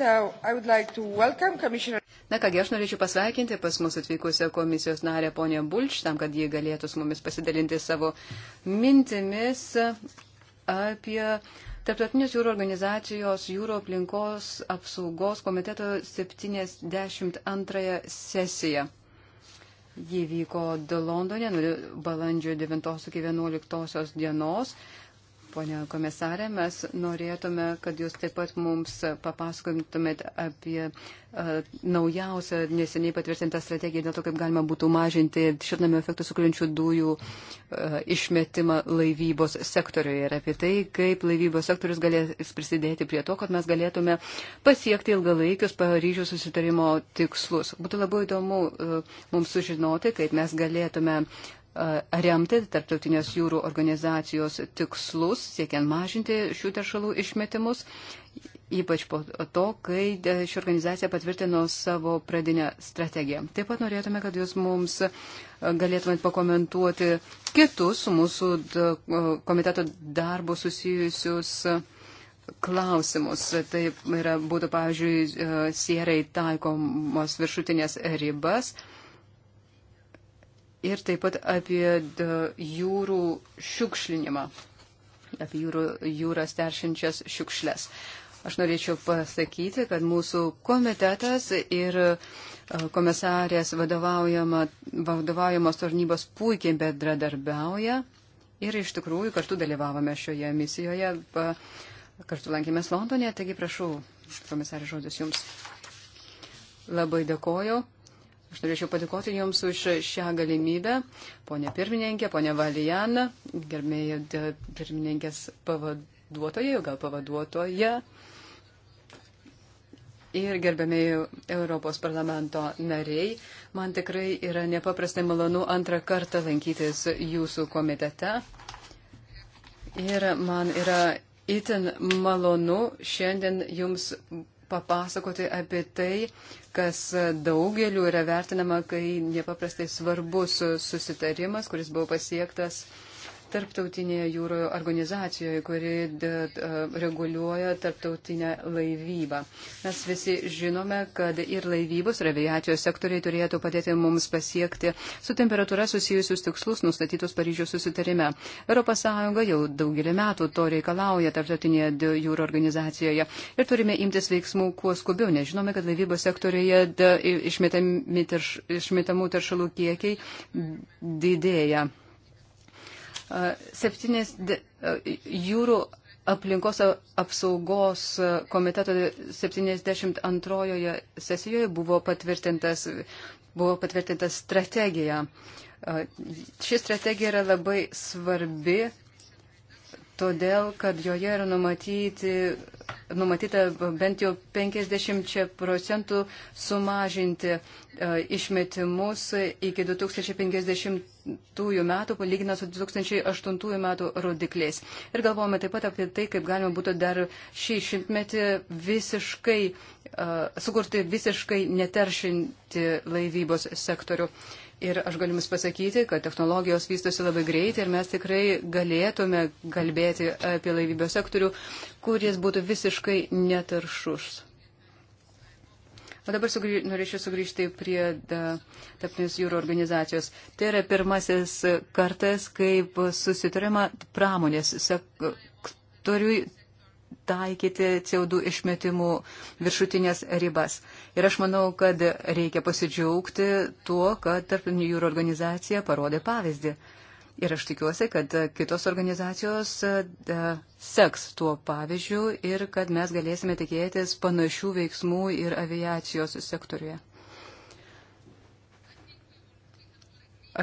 So like commissioner... Na kągi, aš norėčiau pasveikinti pas mus atvykusią komisijos narę ponę Bulč, tam, kad ji galėtų su mumis pasidalinti savo mintimis apie Tarptautinės jūro organizacijos jūro aplinkos apsaugos komiteto 72 sesiją. Ji vyko Londone nuo balandžio 9 iki 11 dienos. Pone komisarė, mes norėtume, kad jūs taip pat mums papasakotumėt apie uh, naujausią neseniai patvirtintą strategiją dėl to, kaip galima būtų mažinti šiltnamio efektą sukeliančių dujų uh, išmetimą laivybos sektoriuje ir apie tai, kaip laivybos sektorius galės prisidėti prie to, kad mes galėtume pasiekti ilgalaikius Paryžių susitarimo tikslus. Būtų labai įdomu uh, mums sužinoti, kaip mes galėtume uh, remti tarptautinės jūrų organizacijos tikslus, siekiant mažinti šių teršalų išmetimus, ypač po to, kai e, ši organizacija patvirtino savo pradinę strategiją. Taip pat norėtume, kad jūs mums e, galėtumėt pakomentuoti kitus mūsų e, komiteto darbo susijusius klausimus. Tai yra, būtų, pavyzdžiui, sierai taikomos viršutinės ribas ir taip pat apie e, jūrų šiukšlinimą, apie jūrų, jūras teršinčias šiukšlės. Aš norėčiau pasakyti, kad mūsų komitetas ir e, komisarės vadovaujama, vadovaujamos tarnybos puikiai bendradarbiauja ir iš tikrųjų kartu dalyvavome šioje misijoje, kartu lankėmės Londonė, taigi prašau, komisarė, žodis jums. Labai dėkoju. Aš norėčiau padėkoti Jums už šią galimybę, ponė pirmininkė, ponė Valijana, gerbėjai pirmininkės pavaduotojai, gal pavaduotoja. Ir gerbėmiai Europos parlamento nariai, man tikrai yra nepaprastai malonu antrą kartą lankytis jūsų komitete. Ir man yra itin malonu šiandien jums papasakoti apie tai, kas daugeliu yra vertinama, kai nepaprastai svarbus susitarimas, kuris buvo pasiektas uh, tarptautinėje jūroje organizacijoje, kuri reguliuoja tarptautinę laivybą. Mes visi žinome, kad ir laivybos, ir aviacijos sektoriai turėtų padėti mums pasiekti su temperatūra susijusius tikslus nustatytus Paryžiaus susitarime. ES jau daugelį metų to reikalauja tarptautinėje jūro organizacijoje ir turime imtis veiksmų kuo skubiau, nes žinome, kad laivybos sektorijoje išmetamų teršalų kiekiai didėja. Septynės jūrų aplinkos apsaugos komiteto 72 sesijoje buvo patvirtintas, buvo patvirtintas strategija. Ši strategija yra labai svarbi todėl, kad joje yra numatyti, numatyta bent jau 50 procentų sumažinti e, išmetimus iki 2050 metų, palyginant su 2008 metų rodikliais. Ir galvojame taip pat apie tai, kaip galima būtų dar šį šimtmetį visiškai, e, sukurti visiškai neteršinti laivybos sektorių. Ir aš galiu Jums pasakyti, kad technologijos vystosi labai greitai ir mes tikrai galėtume kalbėti apie laivybės sektorių, kuris būtų visiškai netaršus. O dabar sugrį, norėčiau sugrįžti prie Tapnės jūrų organizacijos. Tai yra pirmasis kartas, kaip susitarima pramonės sektoriui taikyti CO2 išmetimų viršutinės ribas. Ir aš manau, kad reikia pasidžiaugti tuo, kad tarptautinių jūrų organizacija parodė pavyzdį. Ir aš tikiuosi, kad kitos organizacijos e, seks tuo pavyzdžiu ir kad mes galėsime tikėtis panašių veiksmų ir aviacijos sektoriuje.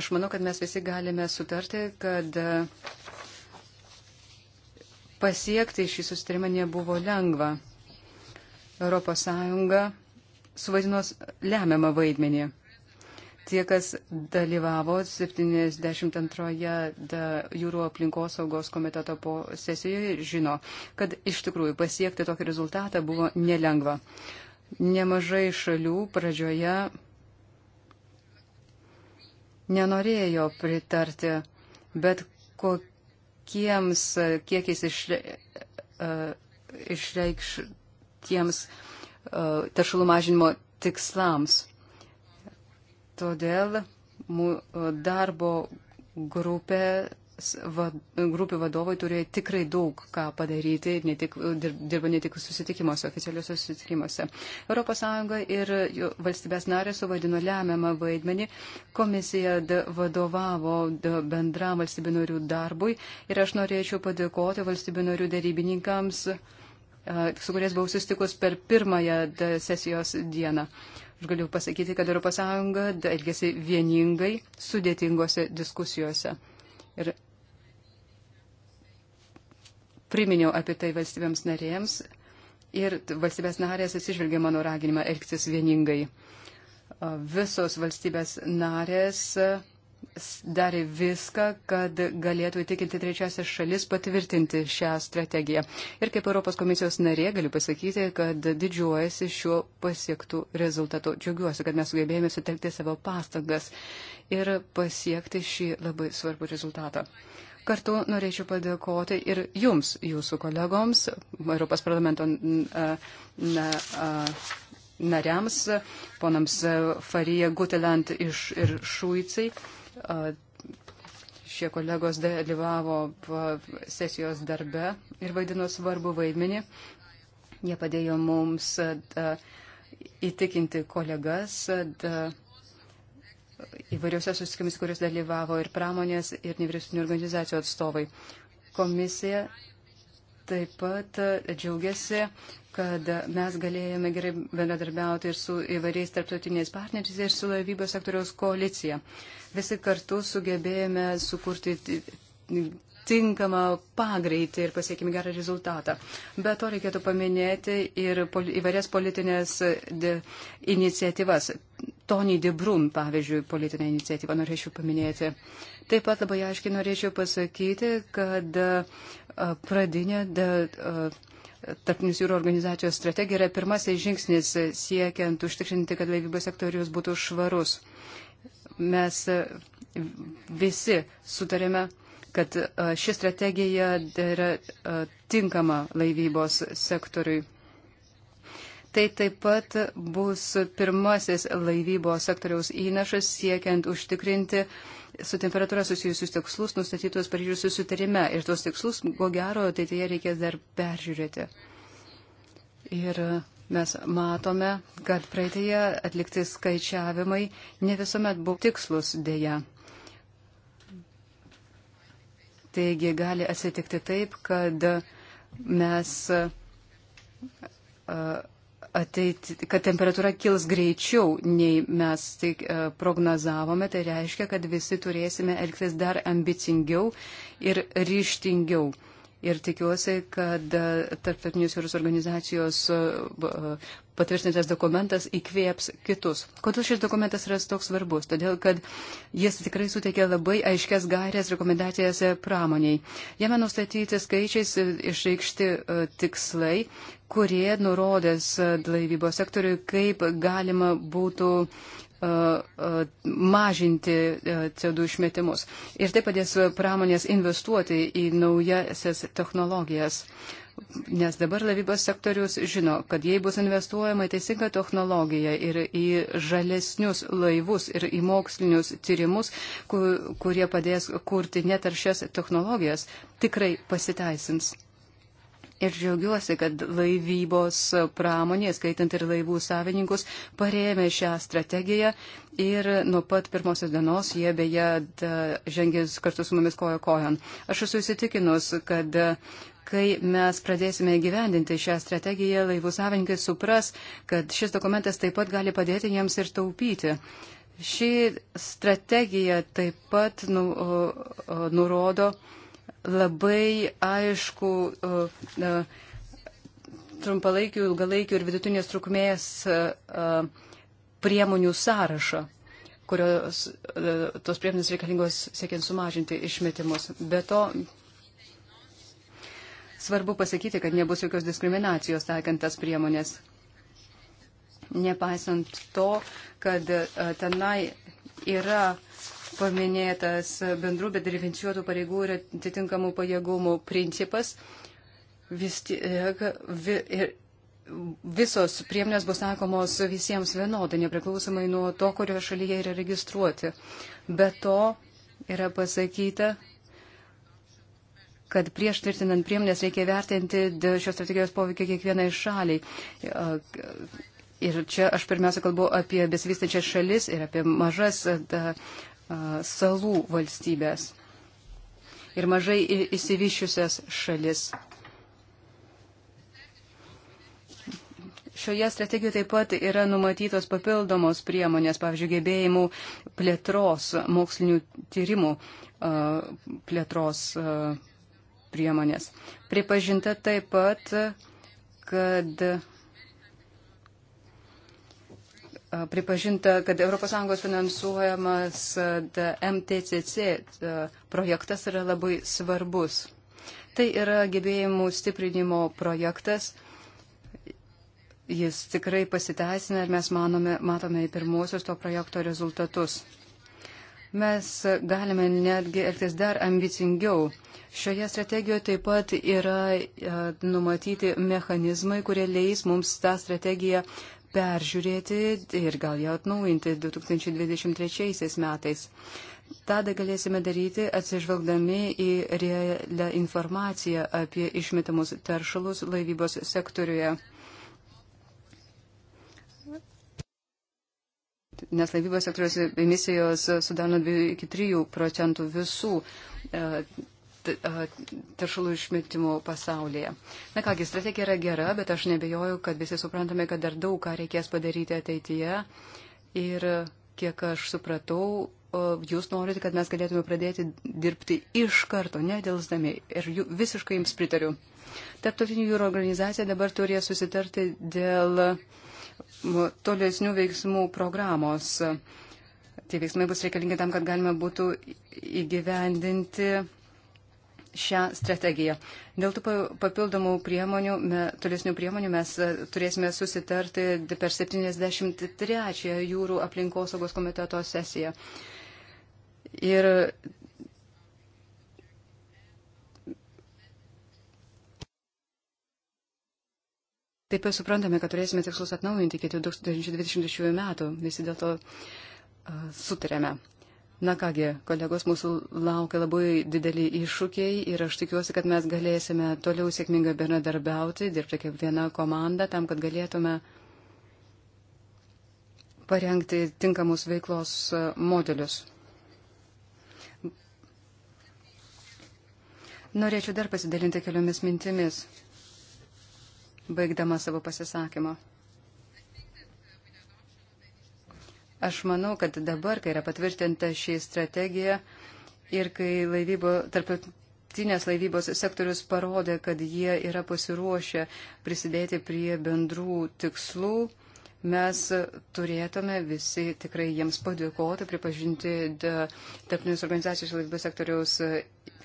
Aš manau, kad mes visi galime sutarti, kad e, pasiekti šį sustarimą nebuvo lengva. Europos Sąjunga suvaidino lemiamą vaidmenį. Tie, kas dalyvavo 72-oje jūrų aplinkosaugos komiteto sesijoje, žino, kad iš tikrųjų pasiekti tokį rezultatą buvo nelengva. Nemažai šalių pradžioje nenorėjo pritarti, bet kokiems kiekiais išre, uh, e, išreikštiems uh, E, taršalų mažinimo tikslams. Todėl e, darbo grupė grupių vadovai turėjo tikrai daug ką padaryti, ne tik, dirba ne tik susitikimuose, oficialiuose susitikimuose. ES ir valstybės narės suvaidino lemiamą vaidmenį, komisija vadovavo bendram valstybių narių darbui ir aš norėčiau padėkoti valstybių narių darybininkams. Uh, su kuriais buvau sustikus per pirmąją sesijos dieną. Aš galiu pasakyti, kad ES elgesi vieningai sudėtingose diskusijose. Ir priminiau apie tai valstybėms narėms ir valstybės narės atsižvelgia mano raginimą elgtis vieningai. Visos valstybės narės darė viską, kad galėtų įtikinti trečiasias šalis patvirtinti šią strategiją. Ir kaip Europos komisijos narė galiu pasakyti, kad didžiuojasi šiuo pasiektų rezultatu. Džiaugiuosi, kad mes sugebėjome sutelkti savo pastangas ir pasiekti šį labai svarbų rezultatą. Kartu norėčiau padėkoti ir jums, jūsų kolegoms, Europos parlamento na, na, nariams, ponams Farija Gutelant iš, ir Šuicai Šie kolegos dalyvavo sesijos darbe ir vaidino svarbu vaidmenį. Jie padėjo mums įtikinti kolegas įvairiuose susitikimus, kuriuos dalyvavo ir pramonės, ir nevyriausybinio organizacijų atstovai. Komisija taip pat džiaugiasi, kad mes galėjome gerai bendradarbiauti ir su įvairiais tarptautiniais partneriais ir su laivybos sektoriaus koalicija. Visi kartu sugebėjome sukurti tinkamą pagreitį ir pasiekime gerą rezultatą. Be to reikėtų paminėti ir pol, įvairias politinės de, iniciatyvas. Tony Debrun, pavyzdžiui, politinę iniciatyvą norėčiau paminėti. Taip pat labai aiškiai norėčiau pasakyti, kad pradinė Tarptautinės jūrų organizacijos strategija yra pirmasis žingsnis siekiant užtikrinti, kad laivybos sektorius būtų švarus. Mes visi sutarėme, kad ši strategija yra tinkama laivybos sektoriui. Tai taip pat bus pirmasis laivybos sektoriaus įnašas siekiant užtikrinti uh, su temperatūra susijusius tikslus nustatytus Paryžiaus susitarime ir tuos tikslus, ko gero, ateityje reikės dar peržiūrėti. Ir mes matome, kad praeitėje atlikti skaičiavimai ne visuomet buvo tikslus dėja. Taigi gali atsitikti taip, kad mes ateiti, kad temperatūra kils greičiau, nei mes tai prognozavome, tai reiškia, kad visi turėsime elgtis dar ambicingiau ir ryštingiau. Ir tikiuosi, kad e, tarptautinės jūros organizacijos e, e, patvirtintas dokumentas įkvėps kitus. Kodėl šis dokumentas yra toks svarbus? Todėl, kad jis tikrai suteikia labai aiškias gairias rekomendacijas pramoniai. Jame nustatyti skaičiais išreikšti tikslai, kurie nurodės laivybos sektoriui, kaip galima būtų uh, E, e, mažinti e, CO2 išmetimus. Ir tai padės pramonės investuoti į naujasias technologijas. Nes dabar lavybos sektorius žino, kad jei bus investuojama į teisingą technologiją ir į žalesnius laivus ir į mokslinius tyrimus, kurie padės kurti netaršias technologijas, tikrai pasiteisins. Ir džiaugiuosi, kad laivybos pramonė, skaitant ir laivų savininkus, parėmė šią strategiją ir nuo pat pirmosios dienos jie beje da, žengė kartu su mumis kojo kojon. Aš esu įsitikinus, kad kai mes pradėsime gyvendinti šią strategiją, laivų savininkai supras, kad šis dokumentas taip pat gali padėti jiems ir taupyti. Ši strategija taip pat nu, nurodo. Nu labai aišku uh, uh, trumpalaikių, ilgalaikių ir vidutinės trukmės uh, priemonių sąrašą, kurios tos priemonės reikalingos siekiant sumažinti išmetimus. Be to, svarbu pasakyti, kad nebus jokios diskriminacijos taikant tas priemonės. Nepaisant to, kad tenai yra paminėtas bendrų bet diferencijuotų pareigų ir atitinkamų pajėgumų principas. Vis tiek, vi, ir, visos priemonės bus taikomos visiems vienodai, nepriklausomai nuo to, kurioje šalyje yra registruoti. Be to yra pasakyta, kad prieš tvirtinant priemonės reikia vertinti šios strategijos poveikį kiekvienai šaliai. Ir čia aš pirmiausia kalbu apie besivystančias šalis ir apie mažas da, salų valstybės ir mažai įsivyščiusias šalis. Šioje strategijoje taip pat yra numatytos papildomos priemonės, pavyzdžiui, gebėjimų plėtros, mokslinių tyrimų plėtros priemonės. Pripažinta taip pat, kad pripažinta, kad ES finansuojamas MTCC projektas yra labai svarbus. Tai yra gebėjimų stiprinimo projektas. Jis tikrai pasiteisina ir mes manome, matome į pirmosius to projekto rezultatus. Mes galime netgi elgtis dar ambicingiau. Šioje strategijoje taip pat yra numatyti mechanizmai, kurie leis mums tą strategiją peržiūrėti ir gal ją atnaujinti 2023 metais. Tada galėsime daryti atsižvelgdami į realią informaciją apie išmetamus teršalus laivybos sektoriuje. Nes laivybos sektoriaus emisijos sudano 2 iki 3 procentų visų e, teršalų išmetimų pasaulyje. Na kągi, strategija yra gera, bet aš nebejoju, kad visi suprantame, kad dar daug ką reikės padaryti ateityje. Ir kiek aš supratau, jūs norite, kad mes galėtume pradėti dirbti iš karto, nedėlsdami. Ir visiškai jums pritariu. Tarptautinių jūrų organizacija dabar turės susitarti dėl tolesnių veiksmų programos. Tie veiksmai bus reikalingi tam, kad galima būtų įgyvendinti šią strategiją. Dėl tų papildomų priemonių, me, tolesnių priemonių mes e, turėsime susitarti per 73 jūrų aplinkosaugos komiteto sesiją. Ir Taip pat suprantame, kad turėsime tikslus atnaujinti iki 2020 metų, visi dėl to uh, sutarėme. Na kągi, kolegos, mūsų laukia labai dideli iššūkiai ir aš tikiuosi, kad mes galėsime toliau sėkmingai bendradarbiauti, dirbti kaip viena komanda, tam, kad galėtume parengti tinkamus veiklos e, modelius. Norėčiau dar pasidalinti keliomis mintimis, baigdama savo pasisakymą. Aš manau, kad dabar, kai yra patvirtinta šį strategiją ir kai laivybo, tarptautinės laivybos sektorius parodė, kad jie yra pasiruošę prisidėti prie bendrų tikslų, mes turėtume visi tikrai jiems padėkoti, pripažinti tarptautinės organizacijos laivybos sektoriaus e,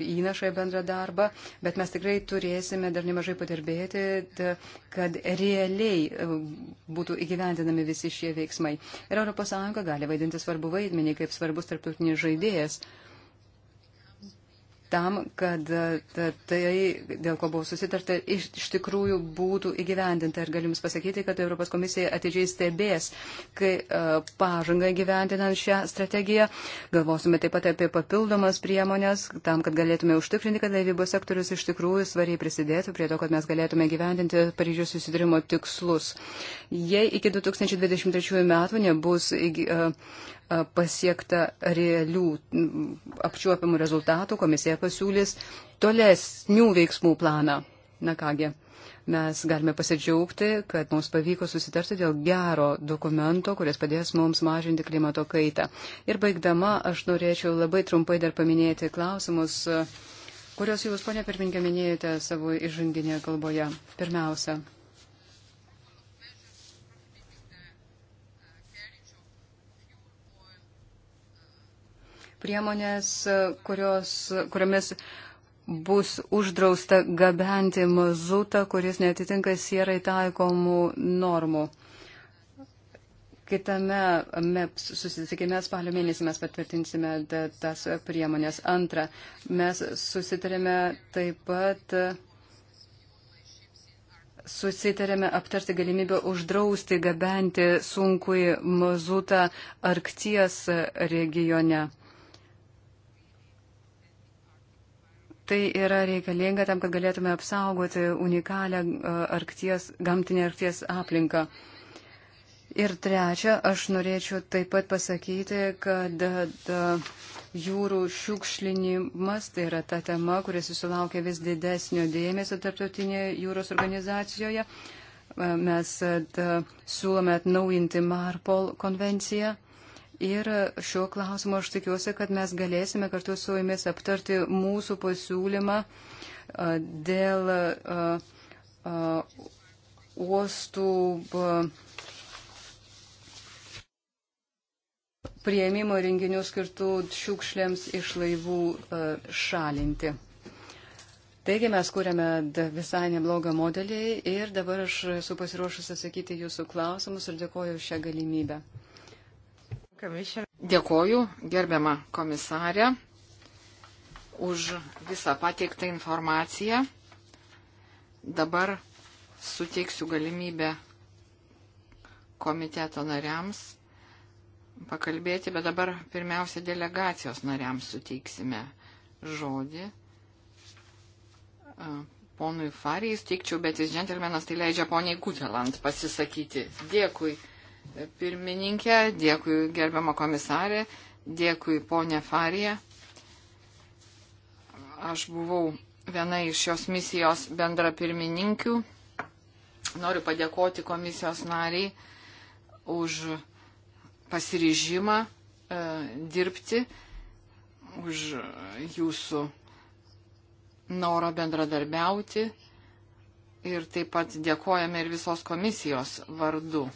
įnašą į bendrą darbą, bet mes tikrai turėsime dar nemažai padirbėti, da, kad realiai e, būtų įgyvendinami visi šie veiksmai. Ir ES gali vaidinti svarbu vaidmenį kaip svarbus tarptautinis žaidėjas tam, kad e, tai, dėl ko buvo susitarta, iš, iš tikrųjų būtų įgyvendinta. Ir galiu Jums pasakyti, kad Europos komisija atidžiai stebės, kai e, pažanga įgyvendinant šią strategiją. Galvosime taip pat apie papildomas priemonės, tam, kad galėtume užtikrinti, kad laivybos sektorius iš tikrųjų svariai prisidėtų prie to, kad mes galėtume gyvendinti Paryžiaus susidarimo tikslus. Jei iki 2023 metų nebus e, pasiekta realių apčiuopiamų rezultatų, komisija pasiūlys tolesnių veiksmų planą. Na kągi, mes galime pasidžiaugti, kad mums pavyko susitarti dėl gero dokumento, kuris padės mums mažinti klimato kaitą. Ir baigdama, aš norėčiau labai trumpai dar paminėti klausimus, kuriuos jūs, ponia pirmininkė, minėjote savo įžanginėje kalboje. Pirmiausia, priemonės, kurios, kuriomis bus uždrausta gabenti mazutą, kuris netitinka sierai taikomų normų. Kitame MEPS susitikime spalio mėnesį mes patvirtinsime tas priemonės. Antra, mes susitarėme taip pat. Susitarėme aptarti galimybę uždrausti gabenti sunkui mazutą Arkties regione. tai yra reikalinga tam, kad galėtume apsaugoti unikalią e, arkties, gamtinę arkties aplinką. Ir trečia, aš norėčiau taip pat pasakyti, kad e, da, jūrų šiukšlinimas tai yra ta tema, kuris susilaukia vis didesnio dėmesio tarptautinėje jūros organizacijoje. E, mes da, siūlome atnaujinti Marpol konvenciją. Ir šiuo klausimu aš tikiuosi, kad mes galėsime kartu su jumis aptarti mūsų pasiūlymą dėl uostų prieimimo renginių skirtų šiukšlėms iš laivų šalinti. Taigi mes kūrėme visai neblogą modelį ir dabar aš esu pasiruošusi atsakyti jūsų klausimus ir dėkoju šią galimybę. Dėkoju, gerbiama komisarė, už visą pateiktą informaciją. Dabar suteiksiu galimybę komiteto nariams pakalbėti, bet dabar pirmiausia delegacijos nariams suteiksime žodį. Ponui Farijai suteikčiau, bet jis džentelmenas tai leidžia poniai Kutelant pasisakyti. Dėkui pirmininkė, dėkui gerbiamą komisarę, dėkui ponė Farija. Aš buvau viena iš šios misijos bendra pirmininkių. Noriu padėkoti komisijos nariai už pasiryžimą e, dirbti, už jūsų norą bendradarbiauti ir taip pat dėkojame ir visos komisijos vardu.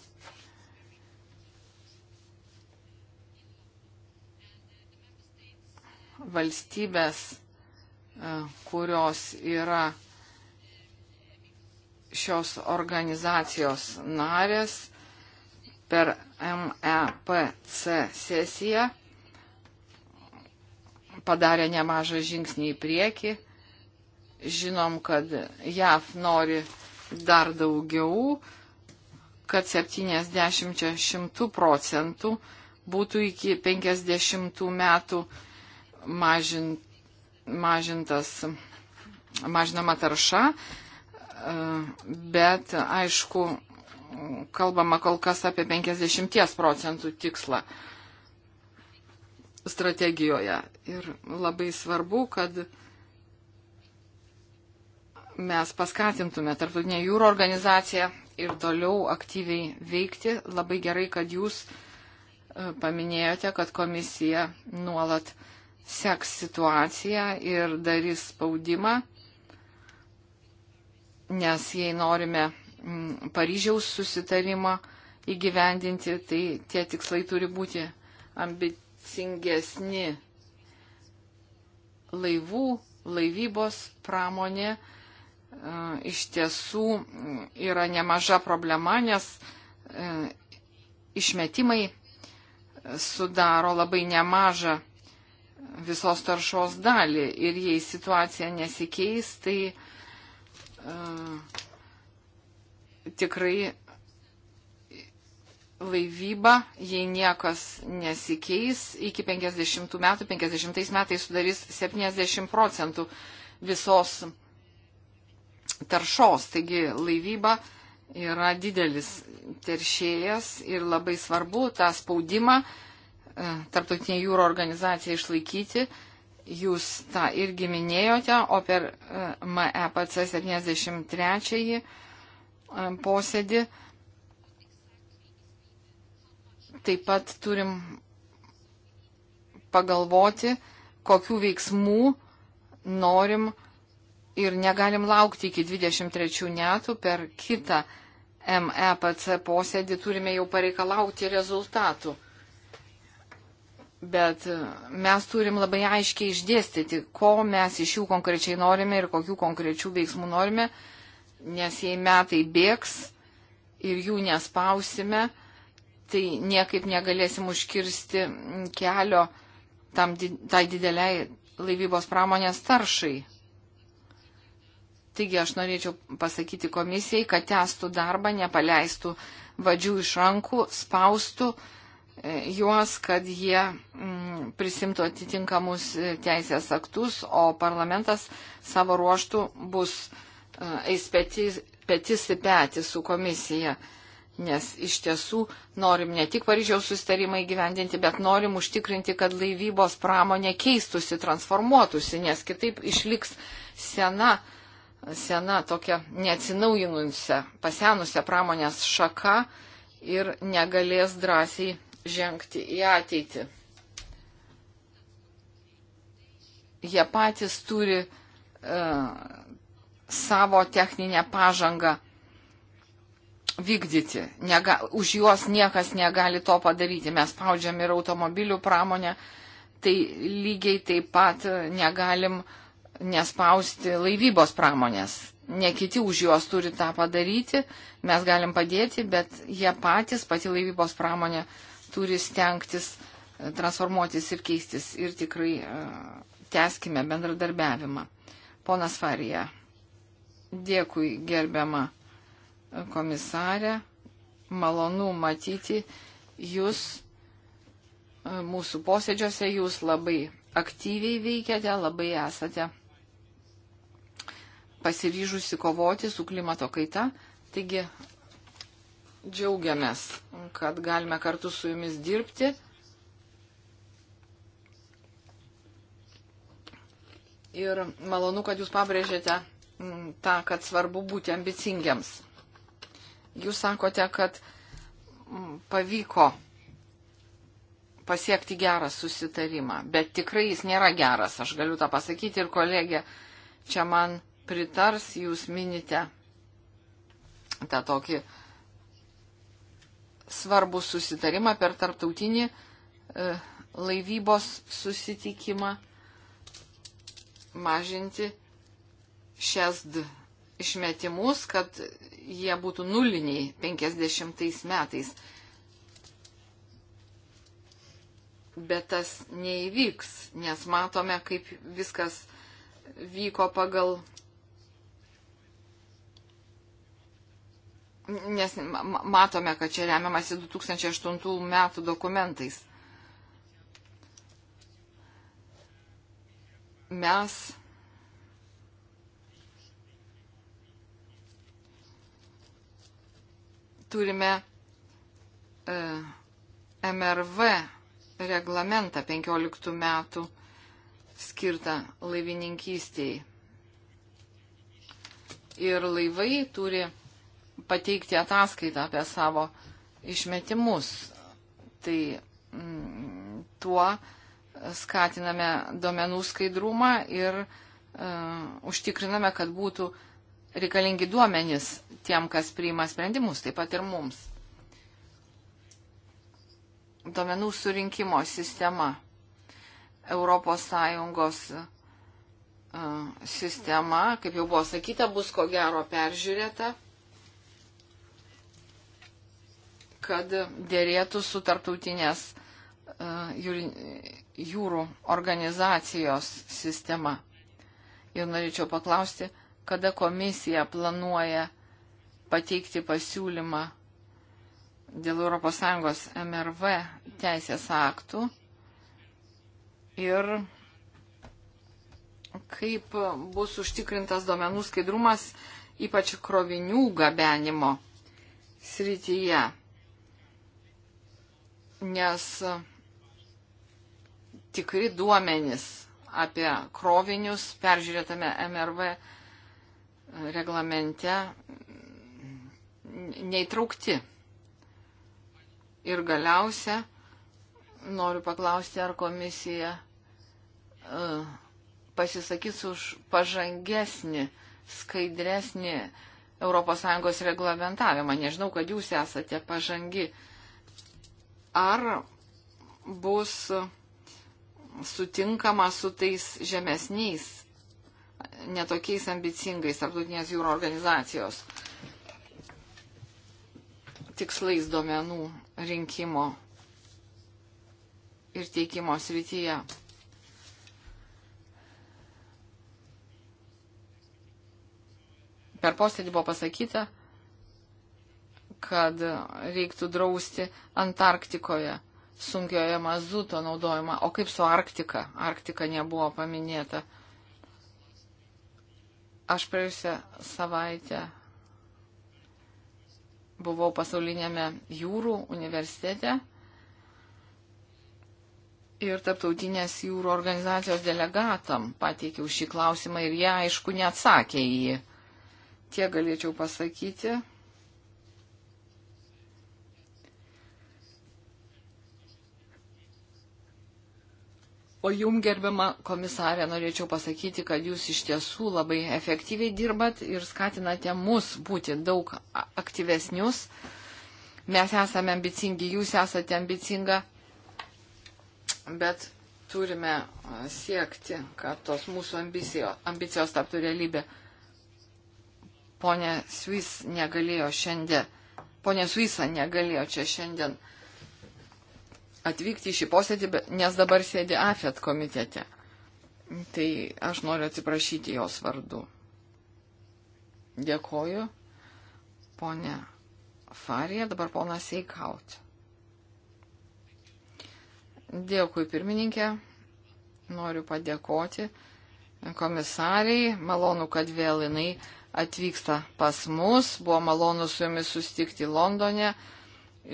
valstybės, e, kurios yra šios organizacijos narės per MEPC sesiją padarė nemažą žingsnį į priekį. Žinom, kad JAF nori dar daugiau, kad 70-100 procentų būtų iki 50 metų mažin, mažintas, mažinama tarša, e, bet aišku, kalbama kol kas apie 50 procentų tikslą strategijoje. Ir labai svarbu, kad mes paskatintume Tarptautinę jūro organizaciją ir toliau aktyviai veikti. Labai gerai, kad jūs e, paminėjote, kad komisija nuolat uh, seks situaciją ir darys spaudimą, nes jei norime mm, Paryžiaus susitarimą įgyvendinti, tai tie tikslai turi būti ambicingesni. Laivų, laivybos pramonė e, iš tiesų mm, yra nemaža problema, nes e, išmetimai sudaro labai nemažą visos taršos dalį. Ir jei situacija nesikeis, tai uh, tikrai laivyba, jei niekas nesikeis, iki 50 metų, 50 metais sudarys 70 procentų visos taršos. Taigi laivyba yra didelis teršėjas ir labai svarbu tą spaudimą uh, E, tarptautinė jūro organizacija išlaikyti. Jūs tą irgi minėjote, o per e, MEPC e 73 posėdį taip pat turim pagalvoti, kokių veiksmų norim ir negalim laukti iki 23 metų per kitą MEPC posėdį turime jau pareikalauti rezultatų. Bet mes turim labai aiškiai išdėstyti, ko mes iš jų konkrečiai norime ir kokių konkrečių veiksmų norime, nes jei metai bėgs ir jų nespausime, tai niekaip negalėsim užkirsti kelio tam, tai dideliai laivybos pramonės taršai. Taigi aš norėčiau pasakyti komisijai, kad testų darbą, nepaleistų vadžių iš rankų, spaustų juos, kad jie mm, prisimtų atitinkamus e, teisės aktus, o parlamentas savo ruoštų bus e, eis petis, petis į petį su komisija. Nes iš tiesų norim ne tik Paryžiaus sustarimą įgyvendinti, bet norim užtikrinti, kad laivybos pramonė keistusi, transformuotųsi, nes kitaip išliks sena, sena tokia neatsinaujinusią, pasenusią pramonės šaka ir negalės drąsiai žengti į ateitį. Jie patys turi uh, savo techninę pažangą vykdyti. Nega, už juos niekas negali to padaryti. Mes spaudžiam ir automobilių pramonę, tai lygiai taip pat negalim nespausti laivybos pramonės ne kiti už juos turi tą padaryti, mes galim padėti, bet jie patys, pati laivybos pramonė, turi stengtis e, transformuotis ir keistis ir tikrai e, tęskime bendradarbiavimą. Ponas Farija, dėkui gerbiama e, komisarė, malonu matyti jūs mūsų posėdžiuose, jūs labai aktyviai veikiate, labai esate pasiryžusi kovoti su klimato kaita. Taigi džiaugiamės, kad galime kartu su jumis dirbti. Ir malonu, kad jūs pabrėžėte mm, tą, kad svarbu būti ambicingiams. Jūs sakote, kad mm, pavyko pasiekti gerą susitarimą, bet tikrai jis nėra geras, aš galiu tą pasakyti ir kolegė čia man pritars, jūs minite tą tokį uh, svarbų susitarimą per tarptautinį e, laivybos susitikimą mažinti šias išmetimus, kad jie būtų nuliniai 50 metais. Bet tas neįvyks, nes matome, kaip viskas vyko pagal nes matome, kad čia remiamasi 2008 metų dokumentais. Mes turime e, MRV reglamentą 15 metų skirtą laivininkystiai. Ir laivai turi pateikti ataskaitą apie savo išmetimus. Tai mm, tuo skatiname duomenų skaidrumą ir uh, užtikriname, kad būtų reikalingi duomenys tiem, kas priima sprendimus, taip pat ir mums. Duomenų surinkimo sistema. Europos Sąjungos uh, sistema, kaip jau buvo sakyta, bus ko gero peržiūrėta kad dėrėtų su tarptautinės e, jūrų organizacijos sistema. Ir norėčiau paklausti, kada komisija planuoja pateikti pasiūlymą dėl ES MRV teisės aktų ir kaip bus užtikrintas duomenų skaidrumas, ypač krovinių gabenimo srityje nes tikri duomenys apie krovinius peržiūrėtame MRV reglamente neįtraukti. Ir galiausia, noriu paklausti, ar komisija uh, pasisakys už pažangesnį, skaidresnį ES reglamentavimą. Nežinau, kad jūs esate pažangi uh, ar bus sutinkama su tais žemesniais, netokiais ambicingais tarptautinės jūro organizacijos tikslais duomenų rinkimo ir teikimo srityje. Per posėdį buvo pasakyta, kad reiktų drausti Antarktikoje sunkioje mazuto naudojimą. O kaip su Arktika? Arktika nebuvo paminėta. Aš praėjusią savaitę buvau pasaulinėme jūrų universitete ir tarptautinės jūrų organizacijos delegatam pateikiau šį klausimą ir jie, aišku, neatsakė į jį. Tie galėčiau pasakyti. O jum, gerbima komisarė, norėčiau pasakyti, kad jūs iš tiesų labai efektyviai dirbat ir skatinate mus būti daug aktyvesnius. Mes esame ambicingi, jūs esate ambicinga, bet turime siekti, kad tos mūsų ambicijos, ambicijos taptų realybė. Pone Suis negalėjo šiandien, ponė Suisa negalėjo čia šiandien atvykti į šį posėdį, nes dabar sėdi AFET komitete. Tai aš noriu atsiprašyti jos vardu. Dėkoju, ponė Farija, dabar ponas Eikaut. Dėkui, pirmininkė. Noriu padėkoti komisariai. Malonu, kad vėl jinai atvyksta pas mus. Buvo malonu su jumis sustikti Londone.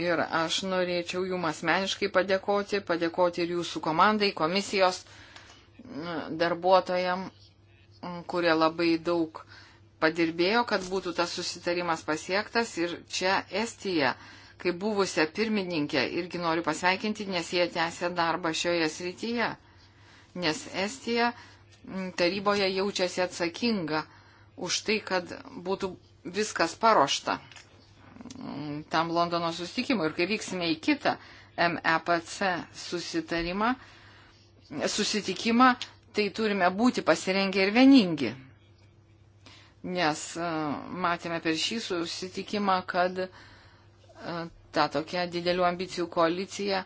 Ir aš norėčiau jum asmeniškai padėkoti, padėkoti ir jūsų komandai, komisijos darbuotojam, kurie labai daug padirbėjo, kad būtų tas susitarimas pasiektas. Ir čia Estija, kaip buvusią pirmininkę, irgi noriu pasveikinti, nes jie tęsia darbą šioje srityje. Nes Estija taryboje jaučiasi atsakinga už tai, kad būtų viskas paruošta tam Londono susitikimui. Ir kai vyksime į kitą MEPC susitarimą, susitikimą, tai turime būti pasirengę ir vieningi. Nes e, matėme per šį susitikimą, kad e, ta tokia didelių ambicijų koalicija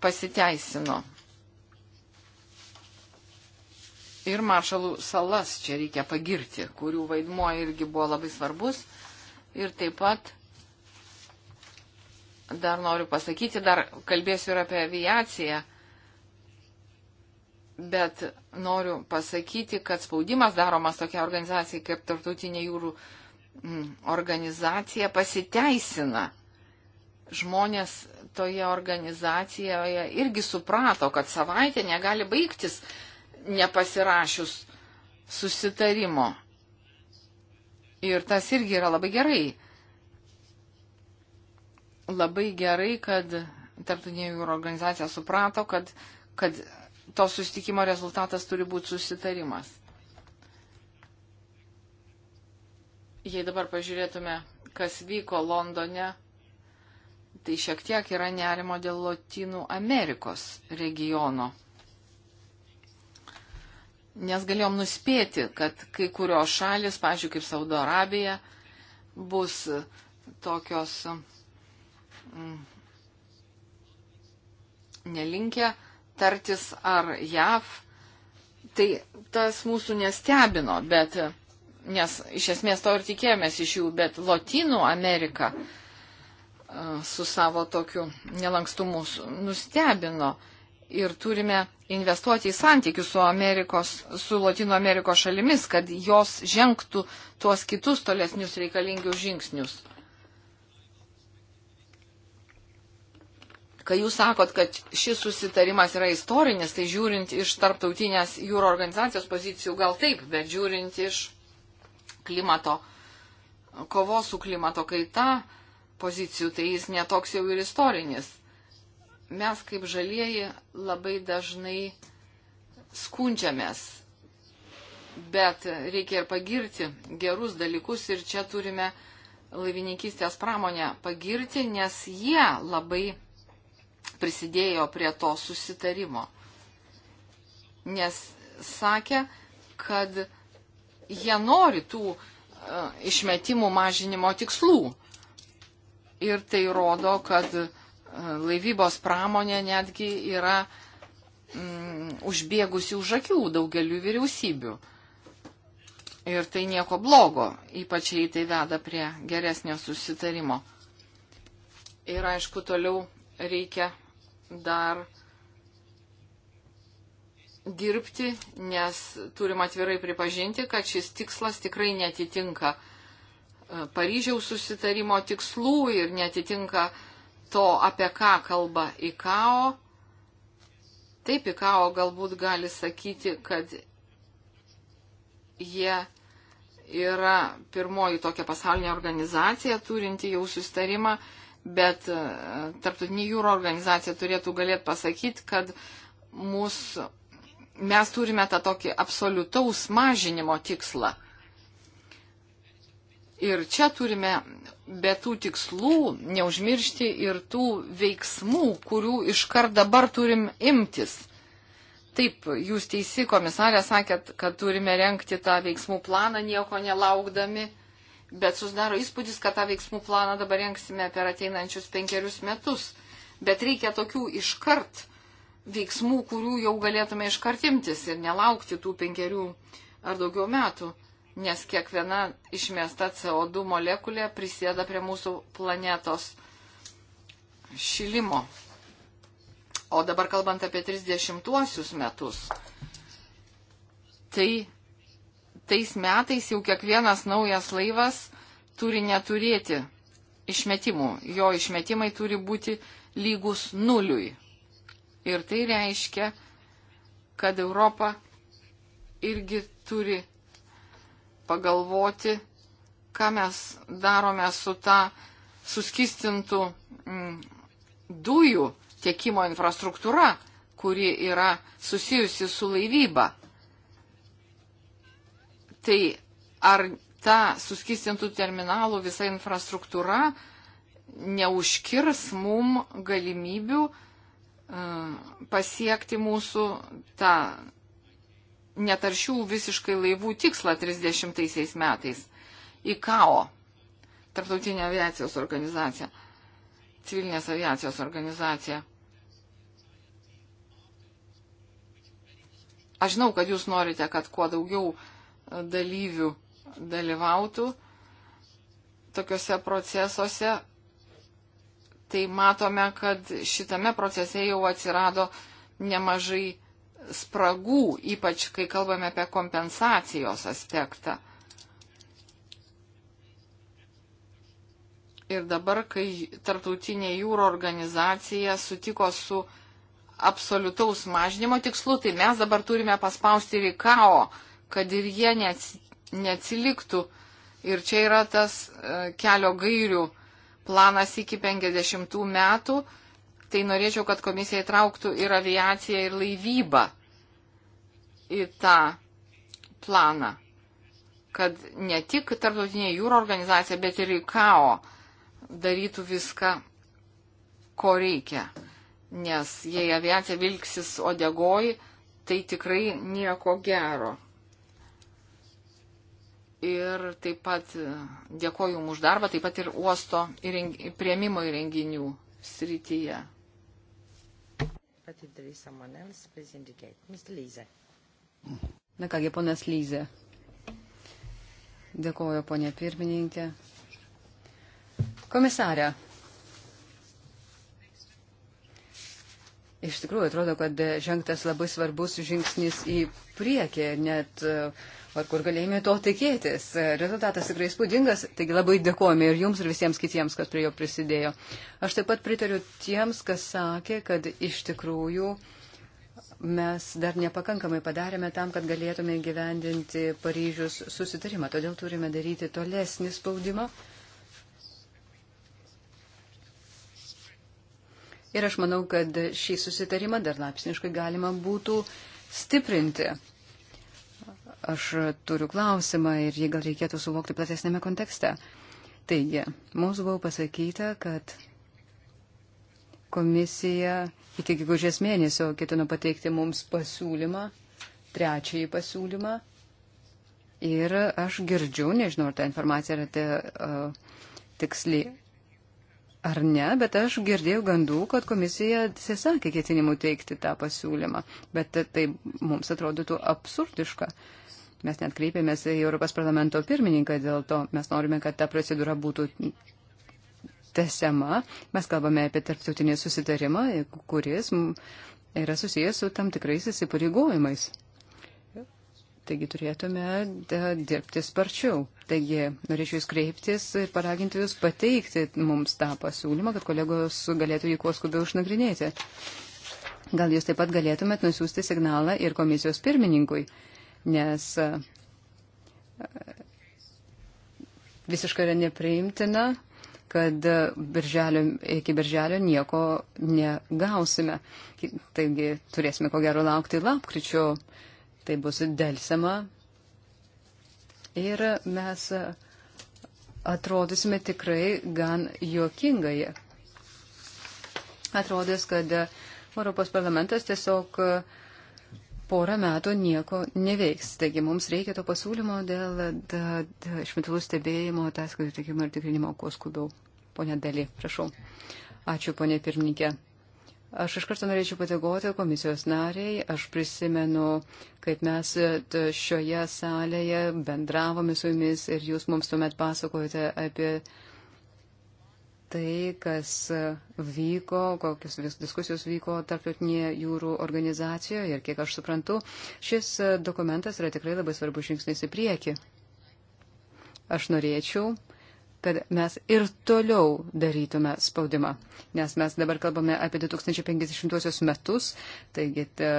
pasiteisino. Ir maršalų salas čia reikia pagirti, kurių vaidmuo irgi buvo labai svarbus. Ir taip pat dar noriu pasakyti, dar kalbėsiu ir apie aviaciją, bet noriu pasakyti, kad spaudimas daromas tokia organizacija kaip Tartutinė jūrų mm, organizacija pasiteisina. Žmonės toje organizacijoje irgi suprato, kad savaitė negali baigtis nepasirašius susitarimo Ir tas irgi yra labai gerai. Labai gerai, kad tarptautinė jūro organizacija suprato, kad, kad to susitikimo rezultatas turi būti susitarimas. Jei dabar pažiūrėtume, kas vyko Londone, tai šiek tiek yra nerimo dėl Latinų Amerikos regiono nes galėjom nuspėti, kad kai kurios šalis, pažiūrėjau, kaip Saudo Arabija, bus tokios mm, nelinkę tartis ar JAV. Tai tas mūsų nestebino, bet, nes iš esmės to ir tikėjomės iš jų, bet Latinų Amerika e, su savo tokiu nelankstumu nustebino ir turime investuoti į santykius su, Amerikos, su Latino Amerikos šalimis, kad jos žengtų tuos kitus tolesnius reikalingius žingsnius. Kai jūs sakot, kad šis susitarimas yra istorinis, tai žiūrint iš tarptautinės jūro organizacijos pozicijų gal taip, bet žiūrint iš klimato, kovos su klimato kaita pozicijų, tai jis netoks jau ir istorinis mes kaip žalieji labai dažnai skundžiamės, bet reikia ir pagirti gerus dalykus ir čia turime laivininkystės pramonę pagirti, nes jie labai prisidėjo prie to susitarimo. Nes sakė, kad jie nori tų e, išmetimų mažinimo tikslų. Ir tai rodo, kad uh, laivybos pramonė netgi yra mm, užbėgusi už akių daugeliu vyriausybių. Ir tai nieko blogo, ypač jei tai veda prie geresnio susitarimo. Ir aišku, toliau reikia dar dirbti, nes turim atvirai pripažinti, kad šis tikslas tikrai netitinka e, Paryžiaus susitarimo tikslų ir netitinka uh, to, apie ką kalba IKAO, taip IKAO galbūt gali sakyti, kad jie yra pirmoji tokia pasaulinė organizacija turinti jau sustarimą, bet e, tarptautinė jūro organizacija turėtų galėti pasakyti, kad mūsų, mes turime tą tokį absoliutaus mažinimo tikslą. Ir čia turime be tų tikslų neužmiršti ir tų veiksmų, kurių iškart dabar turim imtis. Taip, jūs teisi, komisarė, sakėt, kad turime renkti tą veiksmų planą nieko nelaukdami, bet susidaro įspūdis, kad tą veiksmų planą dabar renksime per ateinančius penkerius metus. Bet reikia tokių iškart veiksmų, kurių jau galėtume iškart imtis ir nelaukti tų penkerių ar daugiau metų nes kiekviena išmesta CO2 molekulė prisėda prie mūsų planetos šilimo. O dabar kalbant apie 30-uosius metus, tai tais metais jau kiekvienas naujas laivas turi neturėti išmetimų. Jo išmetimai turi būti lygus nuliui. Ir tai reiškia, kad Europa irgi turi pagalvoti, ką mes darome su ta suskistintų mm, dujų tiekimo infrastruktūra, kuri yra susijusi su laivyba. Tai ar ta suskistintų terminalų visa infrastruktūra neužkirs mum galimybių e, pasiekti mūsų tą netaršių visiškai laivų tikslą 30 metais. ICAO, Tarptautinė aviacijos organizacija, civilinės aviacijos organizacija. Aš žinau, kad jūs norite, kad kuo daugiau e, dalyvių dalyvautų tokiuose procesuose. Tai matome, kad šitame procese jau atsirado nemažai spragų, ypač kai kalbame apie kompensacijos aspektą. Ir dabar, kai Tartautinė jūro organizacija sutiko su absoliutaus mažinimo tikslu, tai mes dabar turime paspausti ir į kao, kad ir jie neatsiliktų. Ir čia yra tas e, kelio gairių planas iki 50 metų tai norėčiau, kad komisija įtrauktų ir aviaciją, ir laivybą į tą planą, kad ne tik Tarptautinė jūro organizacija, bet ir ICAO darytų viską, ko reikia. Nes jei aviacija vilksis odegoj, tai tikrai nieko gero. Ir taip pat e, dėkoju jums už darbą, taip pat ir uosto įreng... prieimimo įrenginių srityje. But if there is someone else, please indicate. Mr. Lyze. Na kągi, ponas Lyze. Dėkuoju, ponė pirmininkė. Komisarė. Iš tikrųjų, atrodo, kad žengtas labai svarbus žingsnis į priekį, net uh, Ar kur galėjome to tikėtis? Rezultatas tikrai spūdingas, taigi labai dėkojame ir jums, ir visiems kitiems, kas prie jo prisidėjo. Aš taip pat pritariu tiems, kas sakė, kad iš tikrųjų mes dar nepakankamai padarėme tam, kad galėtume gyvendinti Paryžius susitarimą. Todėl turime daryti tolesnį spaudimą. Ir aš manau, kad šį susitarimą dar lapsniškai galima būtų stiprinti. Aš turiu klausimą ir jį gal reikėtų suvokti platesnėme kontekste. Taigi, mums buvo pasakyta, kad komisija iki gegužės mėnesio ketino pateikti mums pasiūlymą, trečiąjį pasiūlymą. Ir aš girdžiu, nežinau, ar ta informacija yra te, uh, tiksli ar ne, bet aš girdėjau gandų, kad komisija atsisakė ketinimų teikti tą pasiūlymą. Bet tai mums atrodytų absurdiška. Uh, Mes net kreipėmės į Europos parlamento pirmininką dėl to. Mes norime, kad ta procedūra būtų tesiama. Mes kalbame apie tarptautinį susitarimą, kuris yra susijęs su tam tikrais įsipareigojimais. Taigi turėtume e, dirbti sparčiau. Taigi norėčiau jūs kreiptis ir paraginti jūs pateikti mums tą pasiūlymą, kad kolegos galėtų jį kuo skubiau išnagrinėti. Gal jūs taip pat galėtumėt nusiųsti signalą ir komisijos pirmininkui, nes e, visiškai yra nepriimtina, kad birželio, iki birželio nieko negausime. Taigi turėsime ko gero laukti lapkričio. Tai bus dėlsama. Ir mes atrodysime tikrai gan juokingai. Atrodys, kad Europos parlamentas tiesiog uh, porą metų nieko neveiks. Taigi mums reikia to pasiūlymo dėl šmitalų stebėjimo, ataskaitų teikimo ir tikrinimo, kuo skubiau. Pone Dali, prašau. Ačiū, ponė pirmininkė. Aš iš karto norėčiau padėkoti komisijos nariai. Aš prisimenu, kaip mes šioje salėje bendravome su jumis ir jūs mums tuomet pasakojote apie tai, kas vyko, kokios vis diskusijos vyko tarptautinėje jūrų organizacijoje ir kiek aš suprantu, šis dokumentas yra tikrai labai svarbus žingsnis į priekį. Aš norėčiau, kad mes ir toliau darytume spaudimą, nes mes dabar kalbame apie 2050 metus, taigi ta,